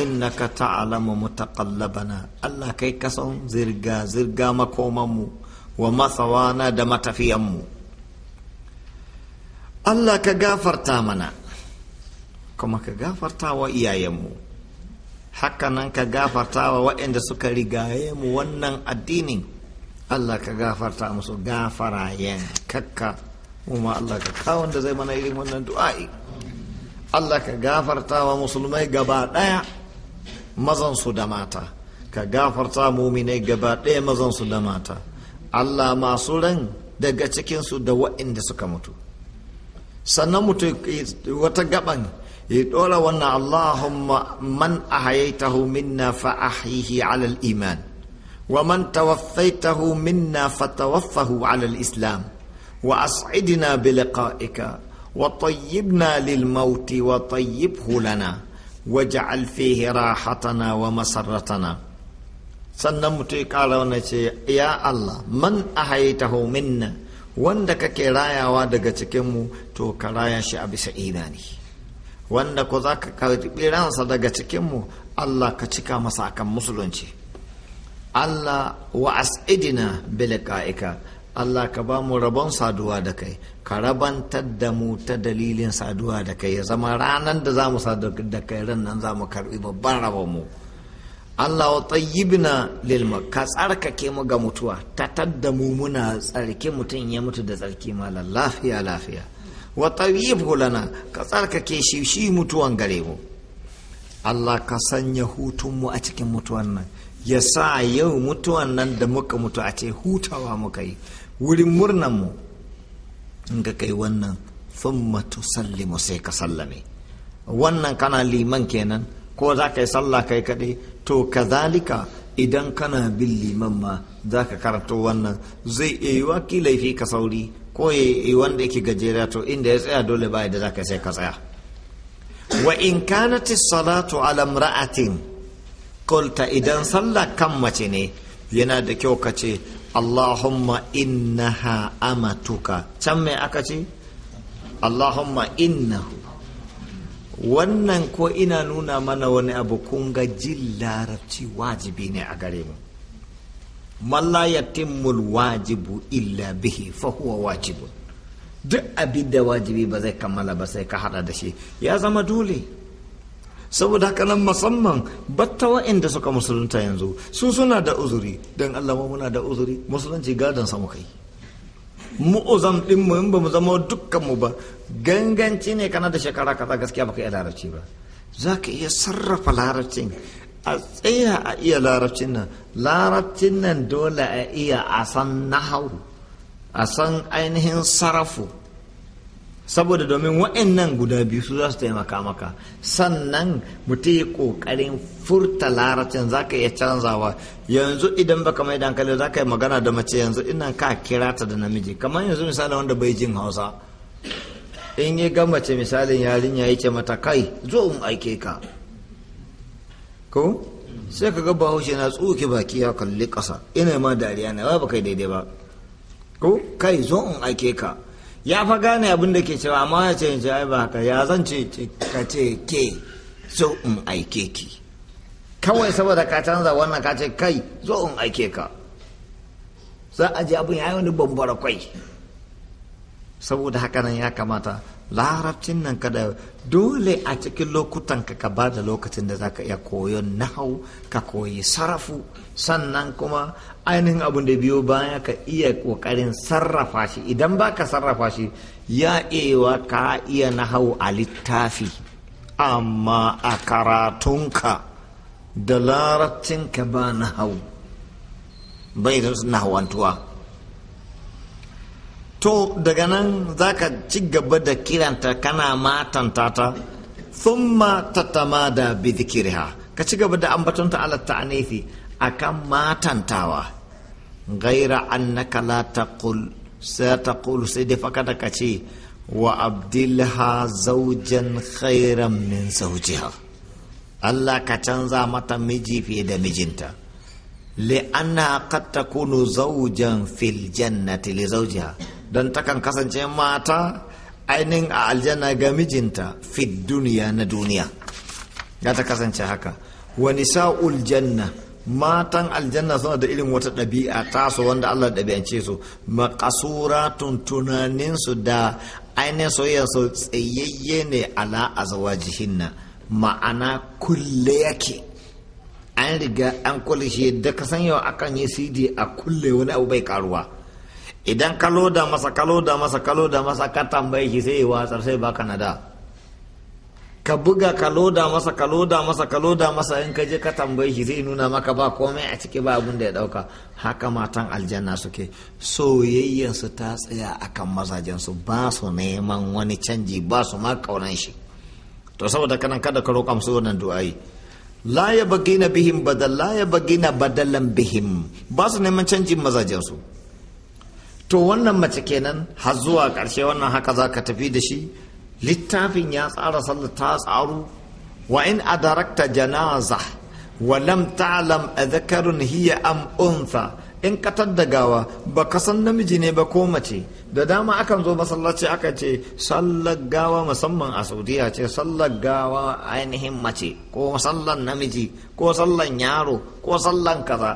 S1: innaka ta'lamu bana. Allah kai kasan zirga zirga makomanmu wa masawana da matafiyanmu Allah ka gafarta mana kuma ka gafarta wa iyayenmu hakanan ka gafarta wa waɗanda suka rigaye mu wannan addinin Allah ka gafarta musu yin kakka kuma Allah ka kawo da zai mana irin wannan du'a'i Allah ka gafarta wa musulmai gaba ɗaya mazansu da mata ka gafarta muminai gaba ɗaya mazansu da mata Allah masu ran daga cikinsu da wa'inda suka mutu sannan mutu wata gaban ya ɗora wannan Allahumma man ahayaitahu minna fa alal iman wa man tawaffaitahu minna fa alal islam wa as'idina bi liqa'ika وطيبنا للموت وطيبه لنا واجعل فيه راحتنا ومسرتنا sannan mutum ya ƙara wani ce ya Allah man ahaitahu minna wanda kake rayawa daga cikinmu to ka raya shi a bisa imani wanda ko za ka karɓi ransa daga cikinmu Allah ka cika masa akan musulunci Allah wa as'idina bilika'ika Allah ka ba mu rabon saduwa da kai karabantar da mu ta dalilin saduwa da kai ya zama ranar da za mu sadu da kai ran nan za mu karbi babban rabon mu Allah wa tayyibna lil ka tsarkake mu ga mutuwa ta tadda mu muna tsarki mutum ya mutu da tsarki malam lafiya lafiya wa tayyibhu lana ka tsarkake shi shi mutuwan gare mu Allah ka sanya mu a cikin mutuwan nan ya sa yau mutuwan nan da muka mutu a ce hutawa muka yi wurin mu in ka kai wannan thumma tusallimu sai ka sallame wannan kana liman kenan ko za ka yi sallah kai kaɗai to kazalika idan kana bin liman ma za ka karanto wannan zai iya yi ki laifi ka sauri ko ya yi wanda yake gajera to inda ya tsaya dole ba da za ka sai ka tsaya wa in ta salatu ala ra'atin idan sallah kan mace ne yana da kyau ka ce Allahumma innaha amatuka can mai aka ce Allahumma innahu wannan ko ina nuna mana wani abu kun ga jin larabci wajibi ne a gare mu malla yatimul wajibu illa bihi fa huwa wajibun duk abin da wajibi ba zai kammala ba sai ka hada da shi ya zama dole saboda haka nan musamman batta wa'inda suka musulunta yanzu su suna da uzuri don allah muna da uzuri musulunci gadon samu kai mu'uzam din mu in ba mu zama dukkan mu ba ganganci ne kana da shekara kaza gaskiya baka iya larabci ba za ka iya sarrafa larabcin a tsaya a iya larabcin nan larabcin nan dole a iya a san nahau a san ainihin sarrafu. saboda domin wa'annan guda biyu su za su taimaka maka sannan mutum ya ƙoƙarin furta laracin za ka iya canzawa yanzu idan baka mai dankali za ka yi magana da mace yanzu ina ka kira ta da namiji kamar yanzu misali wanda bai jin hausa in yi ga mace misalin yarinya ya ce mata kai zo in aike ka ko sai ka ga bahaushe na tsuke baki ya kalli ƙasa ina ma dariya ne ba kai daidai ba ko kai zo in aike ka ya fa gane abin da ke cewa amma ya ce ai ba haka ya zan ce ka ce ke so in aike ki kawai saboda ka canza wannan ka ce kai zo in aike ka za a ji abin ya yi wani bambara kwai saboda haka nan ya kamata larabcin nan kada dole a cikin lokutan ka ka ba da lokacin da za ka iya koyon nahau ka koyi sarafu sannan kuma ainihin abin da biyo baya ka iya ƙoƙarin sarrafa shi idan ba ka sarrafa shi ya ewa ka iya na hau a littafi amma a karatunka da larabcinka ba na hau, bai da hawantuwa to daga nan za ka ci gaba da kiranta kana matanta ta thumma da da dhikriha ka ci gaba da ambatonta ala a akan matantawa gaira annaka la taqul sai taqul sai kace wa abdilha zaujan khairan min zawjiha Allah ka canza mata miji fiye da mijinta li'anna qad takunu zawjan fil jannati li zawjiha don takan kasance mata ainihin a aljanna ga mijinta fid duniya na duniya ya ta kasance haka wa nisa'ul janna matan aljanna suna da irin wata ɗabi'a su wanda Allah ɗabi'ance su makasuratun tunaninsu da ainihin soyayyarsu tsayayye ne ala jihinna ma'ana kulle yake an riga an kulle shi da ka san yau akan yi cd a kulle wani abu bai karuwa idan kalo da masa kalo da masa kalo da masa ka tambaye shi sai ya watsar sai baka nada ka buga ka loda masa ka loda masa ka loda masa in ka je ka tambayi shi zai nuna maka ba komai a ciki ba abin da ya dauka haka matan aljanna suke soyayyen su ta tsaya akan mazajen su ba su neman wani canji ba su ma kaunan shi to saboda kanan kada ka roƙa musu wannan du'ai la ya bagina bihim badal la ya bagina badalan bihim ba su neman canjin mazajen su to wannan mace kenan har zuwa ƙarshe wannan haka za ka tafi da shi littafin ya tsara sallar ta tsaru wa in adarakta janaza wa lam ta'lam adhkarun hiya am untha in ka gawa ba ka san namiji ne ba ko mace da dama akan zo masallaci aka ce sallar gawa musamman a saudiya ce sallar gawa ainihin mace ko sallar namiji ko sallar yaro ko sallar kaza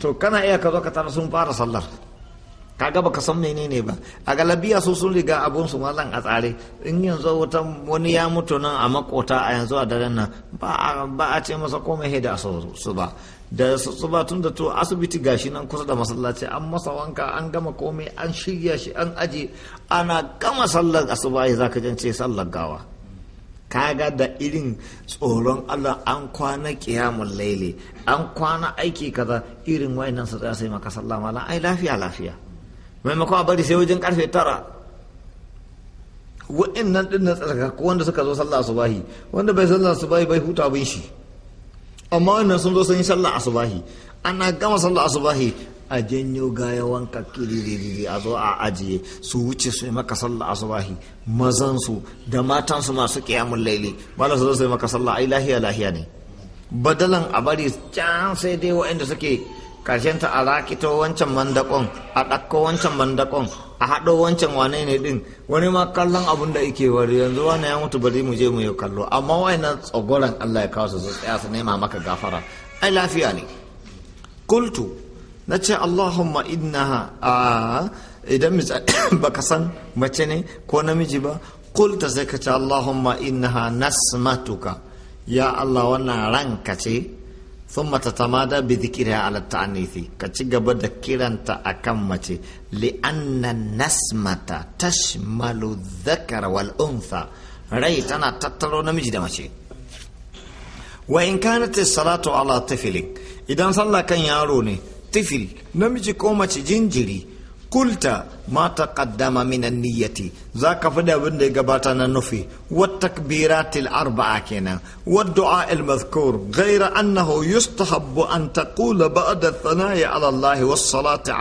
S1: to kana iya ka zo ka tara sun fara sallar kaga baka san menene ba a galabiya su sun riga abun su mazan a tsare in yanzu wata wani ya mutu nan a makota a yanzu a daren nan ba a ce masa komai da su ba da su ba tun da to asibiti gashi nan kusa da masallaci an masa wanka an gama komai an shirya shi an aje ana gama sallar asuba zaka jan ce sallar gawa kaga da irin tsoron Allah an kwana kiyamun laili an kwana aiki kaza irin wayannan su su yi maka sallama ai lafiya lafiya maimakon a bari sai wajen karfe tara wa'annan din na tsarkaku wanda suka zo sallah asubahi wanda bai sallah asubahi bai huta abin shi amma wannan sun zo sun yi sallah asubahi ana gama sallah asubahi a janyo gaya wanka kiriri a zo a ajiye su wuce su yi maka sallah asubahi mazansu da matansu masu kiyamun laili bala su zo su yi maka sallah ai lahiya lahiya ne badalan a bari can sai dai waɗanda suke karshen ta a rakito wancan mandakon a ɗakko wancan mandakon a haɗo wancan wane ne ɗin wani ma kallon abun da ike wari yanzu wani ya mutu bari mu je mu yi kallo amma wayannan tsogoran Allah ya kawo su tsaya su nema maka gafara ai lafiya ne kultu na ce Allahumma inna a idan <coughs> baka san mace ne ko namiji ba kulta sai ka ce Allahumma inna nasmatuka ya Allah wannan ranka ce ثم تتمادى بذكرها على التعنيث كتشجب ذكرا تأكمتي لأن النسمة تشمل الذكر والأنثى ريت أنا تترو نمجد ماشي وإن كانت الصلاة على طفلك إذا صلى كان ياروني طفل نمجي كومة جنجري قلت ma kaddama min an-niyyati zaka fada abin da ya gabata na nufi wa takbiratil arba'a kenan wa du'a al-madhkur ghayra annahu yustahabbu an taqula ba'da ath-thana'i 'ala Allah was-salati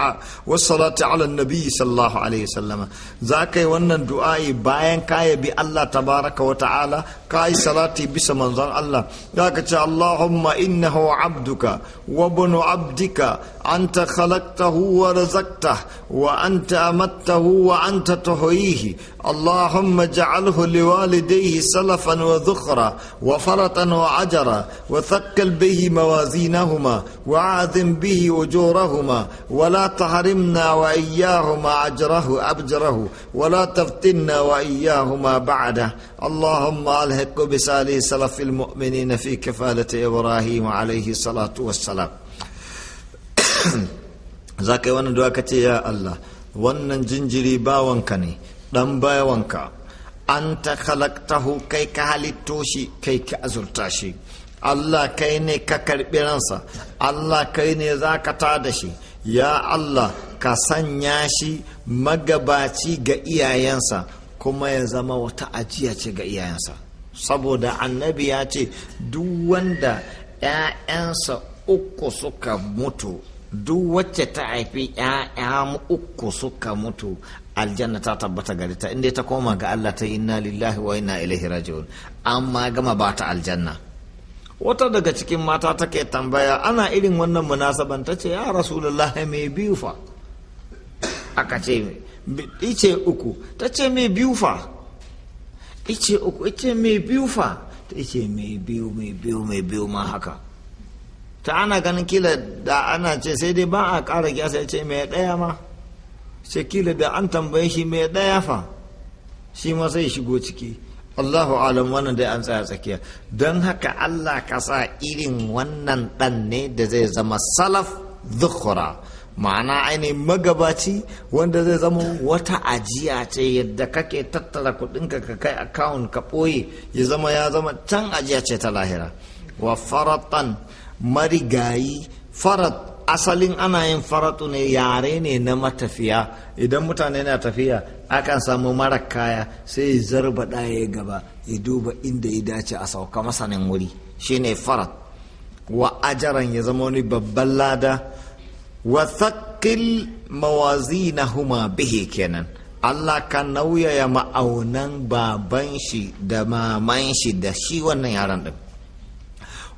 S1: was-salati 'ala nabi sallallahu alaihi wasallam za yi wannan du'a'i bayan ka bi Allah tabaraka wa ta'ala ka yi salati bisa manzon Allah zaka ce Allahumma innahu 'abduka wa ibnu 'abdika anta khalaqtahu wa razaqtahu wa anta أمته وأنت تحييه اللهم اجعله لوالديه سلفا وذخرا وفرطا وعجرا وثقل به موازينهما وعاذم به أجورهما ولا تحرمنا وإياهما أجره أبجره ولا تفتنا وإياهما بعده اللهم ألحق بسالي سلف المؤمنين في كفالة إبراهيم عليه الصلاة والسلام <coughs> za وانا yi يا الله wannan jinjiri bawanka ne ɗan bawanka an ta halaktahu kai ka halitto shi kai ka azurta shi Allah kai ne ka karɓi ransa Allah kai ne za ka da shi ya Allah ka sanya shi magabaci ga iyayensa kuma ya zama wata ajiya ce ga iyayensa saboda annabi ya ce duk wanda 'ya'yansa uku suka mutu duk wacce ta haifi ‘ya'ya uku suka mutu aljanna ta tabbata gari ta inda ta koma ga Allah ta na lillahi wa ina ilahi raji'un amma gama ba ta aljanna wata daga cikin mata take tambaya ana irin wannan munasaban ta ce ya rasulullah mai biyu fa aka ce ice uku ta ce mai biyu fa ice uku ice mai biyu fa ta ce mai biyu mai biyu mai biyu ma haka ta ana ganin kila da ana ce sai dai ba a ƙara kiyasa ya ce mai ɗaya ma sai kila da an tambaye shi mai ɗaya fa shi ma sai shigo ciki Allahu alam wannan dai an tsaya tsakiya don haka Allah ka sa irin wannan ɗan ne da zai zama salaf zukura ma'ana ainihin magabaci wanda zai zama wata ajiya ce yadda kake tattara kuɗinka ka kai akawun ka ɓoye ya zama ya zama can ajiya ce ta lahira wa faratan marigayi farat asalin ana yin faratu ne yare ne na matafiya idan mutane na tafiya akan samu mara kaya sai zarba ɗaya gaba ya duba inda ya dace a sauka masanin wuri shine farat wa ajaran ya zama wani babban lada wa mawazina huma bihi kenan Allah ka nauyaya ma'aunan baban shi da maman shi da shi wannan yaran din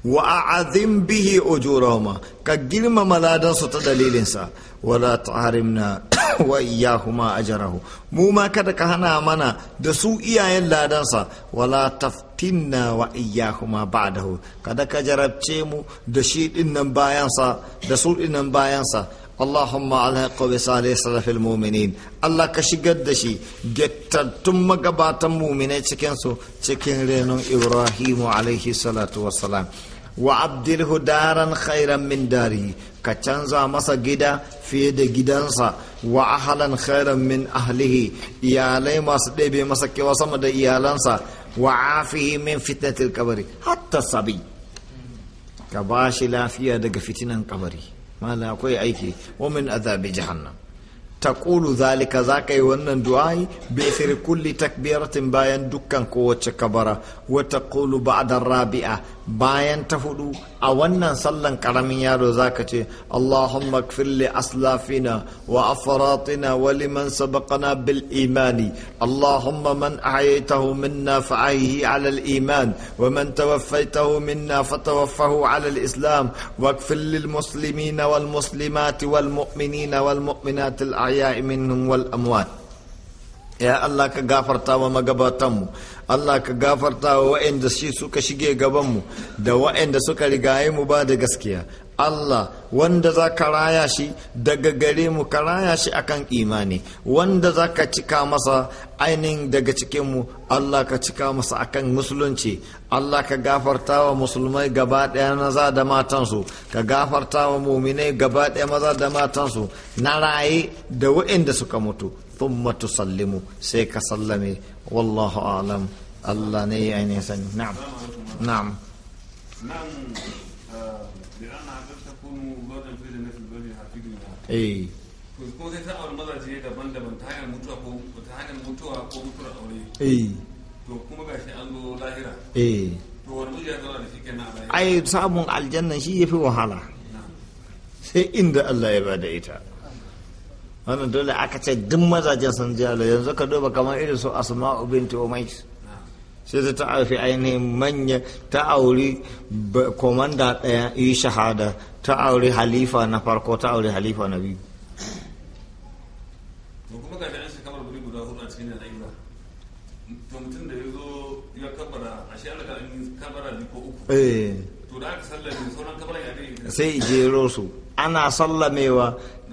S1: wa a'azim bihi ujurahuma ka girmama su ta dalilinsa wala taharimna <coughs> wa iyyahuma ajrahu mu ma kada ka hana mana da su iyayen ladansa wala taftinna wa iyyahuma ba'dahu kada ka jarabce mu da shi dinnan sa da su dinnan bayansa اللهم Muminin Allah ka المؤمنين الله كشجد دشي جتتم مقبات مؤمنين تكنسو تكن رينو إبراهيم عليه الصلاة والسلام wa abdilhu daran khairan min dari ka canza masa gida fiye da gidansa wa ahalan khairan min ahlihi iyalai masu ɗebe masa kewa sama da iyalansa wa afihi min fitnatil kabari hatta sabi ka ba shi lafiya daga fitinan kabari mala akwai aiki wa min azabi jahannam taqulu zalika za ka yi wannan du'ai bi kulli takbiratin bayan dukkan kowace kabara wa taqulu ba'da rabi'a bayan ta hudu a wannan sallan karamin yaro zaka ce Allahumma kfir aslafina wa afaratina wa liman sabaqana bil imani Allahumma man ahyaytahu minna fa ahyihi ala al iman wa man tawaffaytahu minna fatawaffahu ala al islam wa kfir lil muslimina wal muslimat wal mu'minina wal mu'minat al a'ya'i minhum wal amwat ya Allah ka gafarta wa magabatanmu Allah ka gafarta wa waɗanda shi suka shige gabanmu da waɗanda suka rigaye mu ba da gaskiya Allah wanda za ka raya shi daga gare mu ka raya shi akan imani wanda za ka cika masa ainihin daga cikinmu Allah ka cika masa akan musulunci Allah ka gafarta wa musulmai gaba ɗaya maza da matansu ka gafarta wa muminai gaba ɗaya maza da matansu na raye da waɗanda suka mutu thumma tusallimu sai ka sallame wallahu alam Allah ne ya ainihin sani na'am na'am
S2: eh kuma sai ta aure mazaje daban-daban ta hanyar mutuwa ko ta hanyar mutuwa ko mutuwar aure eh to kuma gashi an zo lahira eh to wani mutum ya da shi kenan
S1: a ai samun aljanna shi yafi wahala sai inda Allah ya da ita wannan dole aka ce duk mazajen sun ji Allah yanzu ka duba kamar irin su asma'u binti umais sai ta haifi ainihin manya ta auri komanda ɗaya yi shahada ta auri halifa na farko ta auri halifa na biyu
S2: eh. sai jero
S1: su ana sallamewa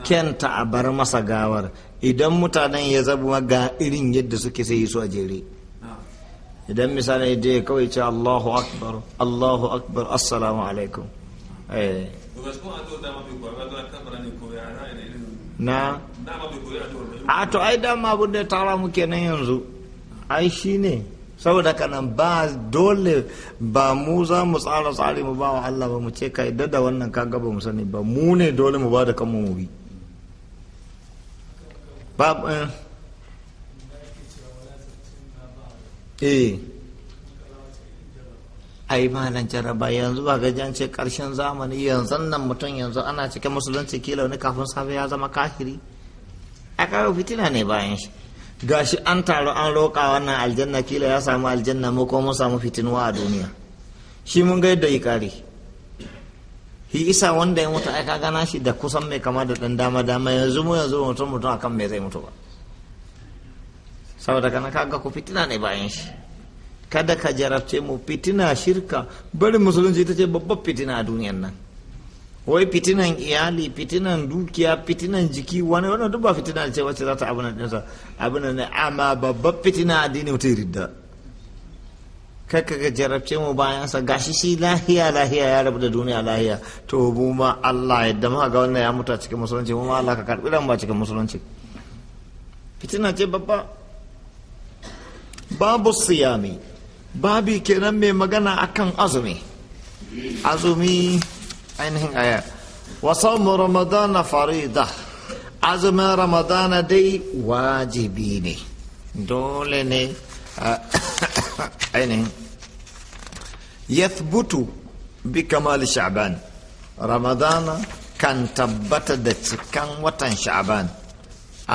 S1: kenta a bar masa gawar idan mutanen ya zama ga irin yadda suke sai su a jere idan misali da ya kawai ce allahu akbar allahu akbar assalamu alaikum eh. na a to ai dama abin da tara muke nan yanzu ai shi ne saboda kanan ba dole ba mu za mu tsara tsari mu ba wa Allah ba mu ce ka da wannan ka gaba mu sani ba mu ne dole mu ba da kanmu mu bi babu eh, eh. ai yanzu ba ga jance karshen zamani yanzu nan mutum yanzu ana cikin musulunci kila wani kafin safe ya zama kafiri a kawo fitina ne bayan shi gashi an taru an roƙa wannan aljanna kila ya samu aljanna mu ko mu samu fitinuwa a duniya shi mun ga yadda yi kare shi isa wanda ya mutu aika gana shi da kusan mai kama da dan dama dama yanzu mu yanzu mutum mutum akan mai zai mutu ba saboda kana kaga ku fitina ne bayan shi kada ka jarabce mu fitina shirka bari musulunci ita ce babbar fitina a duniyan nan wai fitinan iyali fitinan dukiya fitinan jiki wani wani duk ba fitina ce wacce za ta abinan ɗinsa abinan ne amma babbar fitina addini mutum ridda kai ka jarabce mu bayan sa gashi shi lahiya lahiya ya rabu da duniya lahiya to mu ma Allah ya dama ga wannan ya mutu cikin musulunci mu ma Allah ka karbi ran ba cikin musulunci fitina ce babba babu siyami babi kenan mai magana akan azumi azumi ainihin aya wa sawmu ramadana farida azumin ramadana dai wajibi ne dole ne <coughs> ainihin yathbutu bi kamal sha'ban ramadana kan tabbata da cikan watan sha'ban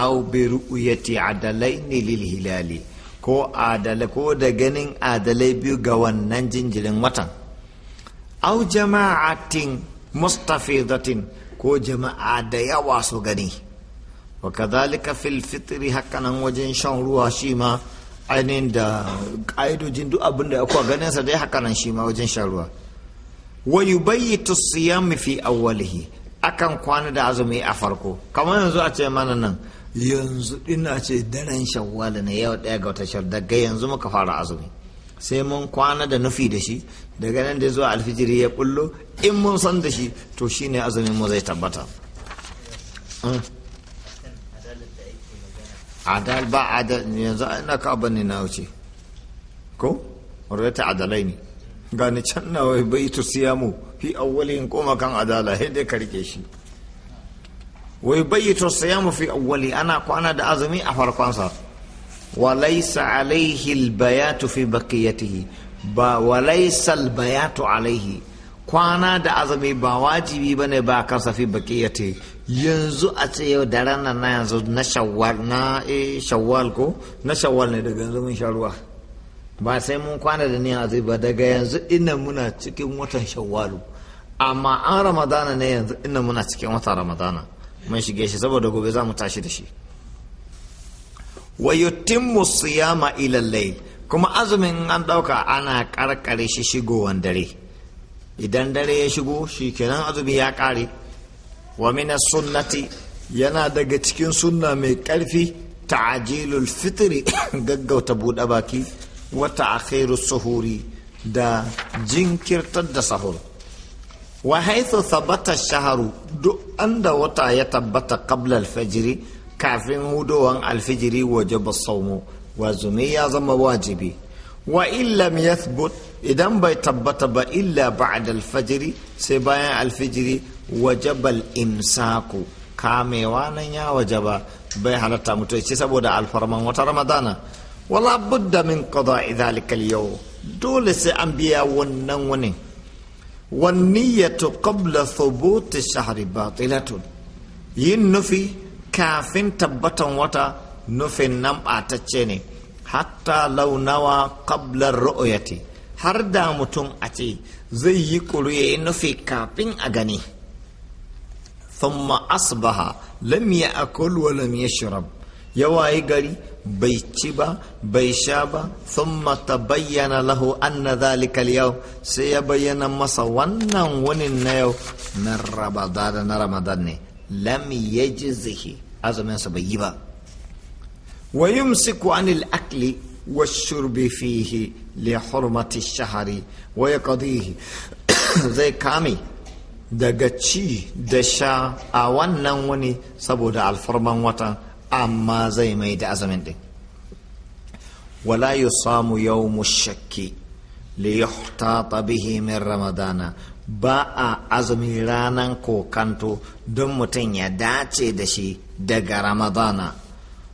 S1: au bi ru'yati adalaini lil hilali ko adala ko da ganin adalai biyu ga wannan jinjirin watan au jama'atin mustafidatin ko jama'a da yawa su gani wa kadhalika fil fitri hakanan wajen shan ruwa shi ma ainihin da ƙa'idojin duk abin da ya kuwa sa dai haka nan shi ma wajen shan ruwa wa yubayyitu siya fi awwalihi akan kwana da azumi a farko kamar yanzu a ce mana nan yanzu ina ce daren shawwal ne yau daya ga wata shar daga yanzu muka fara azumi sai mun kwana da nufi da shi daga nan da zuwa alfijiri ya bullo in mun san da shi to shine azumin mu zai tabbata hmm. adal ba adal yanzu ina ka abin ne na wuce ko ruwaita adalai ne gani can na wai bai tu mu fi awwalin koma kan adala sai dai karke shi wai bai tu mu fi awwali ana kwana da azumi a farkonsa wa laysa alaihi albayatu fi baqiyatihi ba wa laysa albayatu alaihi kwana da azumi ba wajibi ba ne ba kasafi te yanzu a ce yau da ranar na yanzu na shawwal na eh, shawwal ko na shawwal ne daga yanzu mun sharuwa ba sai mun kwana da niyan azumi ba daga yanzu ina muna cikin watan shawwalu amma an ramadana ne yanzu ina muna cikin watan ramadana mun shige shi saboda gobe za mu tashi da shi wa yutimmu siyama ila layl kuma azumin an dauka ana karkare shi shigowan dare idan dare ya shigo shi kenan azumi ya ƙare wa mina sunnati yana daga cikin sunna mai ƙarfi ta'ajilul fitri <coughs> gaggauta buɗe baki wata ta'akhiru suhuri da jinkirtar da sahur wa haithu thabata shaharu duk anda wata ya tabbata kabla alfajiri kafin hudowan alfijiri wajaba saumu wazumi ya zama wajibi wa illam yathbut idan bai tabbata ba illa ba'da alfajiri sai bayan alfijiri wajabal imsaku kamewa nan ya wajaba bai halatta mutu ce saboda alfarman wata ramadana wala budda min qada'i dhalika al dole sai an biya wannan wani wanniyatu qabla thubuti shahri batilatun yin nufi kafin tabbatan wata nufin nan ɓatacce ne hatta launawa kablar ru'yati har da mutum a ce zai yi ƙuri'a nufi kafin a gani thumma asbaha lam akul wa lam yashrab ya gari bai ci ba bai sha ba thumma bayyana lahu anna dhalika yau, sai ya bayyana masa wannan wani na yau na ramadan ne lam yajzihi azumin sa bai yi ba ويمسك عن الأكل والشرب فيه لحرمة الشهر ويقضيه <coughs> zai kame daga ci da sha a wannan wani saboda alfarman watan amma zai mai da azumin din wala yusamu mu shakki li ta min ramadana ba a azumin ranan kokanto don mutum ya dace da shi daga ramadana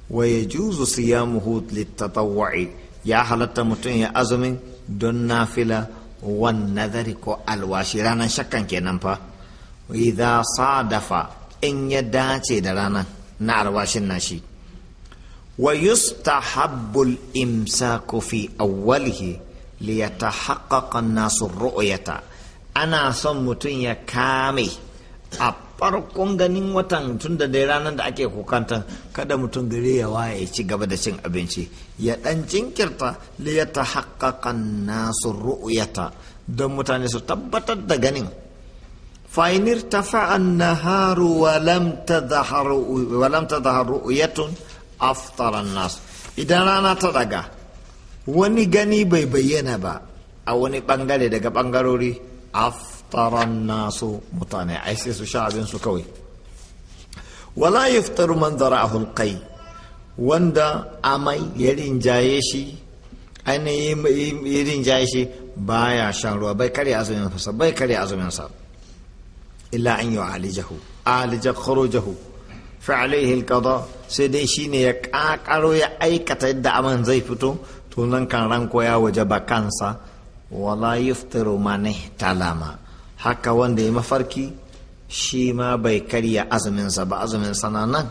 S1: wa ya juzu siyamuhu littatawwa'i ya halatta mutum ya azumin don nafila wan nazari ko alwashi ranar shakkan kenan fa idza sadafa in ya dace da ranar na alwashin nashi wa yustahabbu al-imsaku fi awwalihi liyatahaqqaqa an-nasu ru'yata ana son mutum ya kame a farkon ganin watan tun da dai ranar da ake kokanta kada mutum gari ya waye ci gaba da cin abinci ya dan jinkirta li ya ta haƙaƙan nasu ru'uyata don mutane su tabbatar da ganin fa'inir ta fa'an haru walam ta zahar ru'uyatun aftaran nasu idan rana ta daga wani gani bai bayyana ba a wani bangare daga bangarori aftaran nasu mutane ai sai su sha abin su kawai wala yuftaru man zara'ahu alqai wanda amai ya rinjaye shi ainihin ya rinjaye shi baya shan ruwa bai karya azumin fasa bai karya azumin sa illa an yi alijahu alijar khurujahu fa alaihi alqada sai dai shine ya kakaro ya aikata yadda aman zai fito to nan kan ranko ya waje bakansa kansa wala yuftiru man talama. haka wanda ya mafarki shi ma bai karya azuminsa ba azumin nan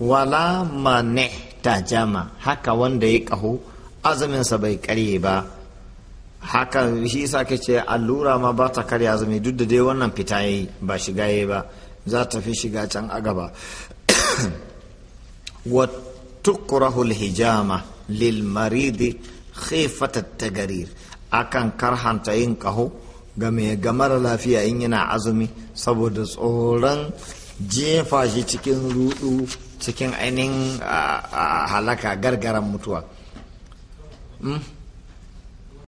S1: wala mane jama haka wanda ya kaho azuminsa bai karye ba haka shi sa ka ce allura ma ba ta karya azumi duk da dai wannan fita ya yi ba shiga ya ba za ta fi shiga can a gaba <coughs> wa tukurahul hijama lil maridi khifatat tagarir akan karhanta yin kaho ga mai mara lafiya in yana azumi saboda tsoron jefa shi cikin rudu cikin ainihin halaka gargaran mutuwa hmm?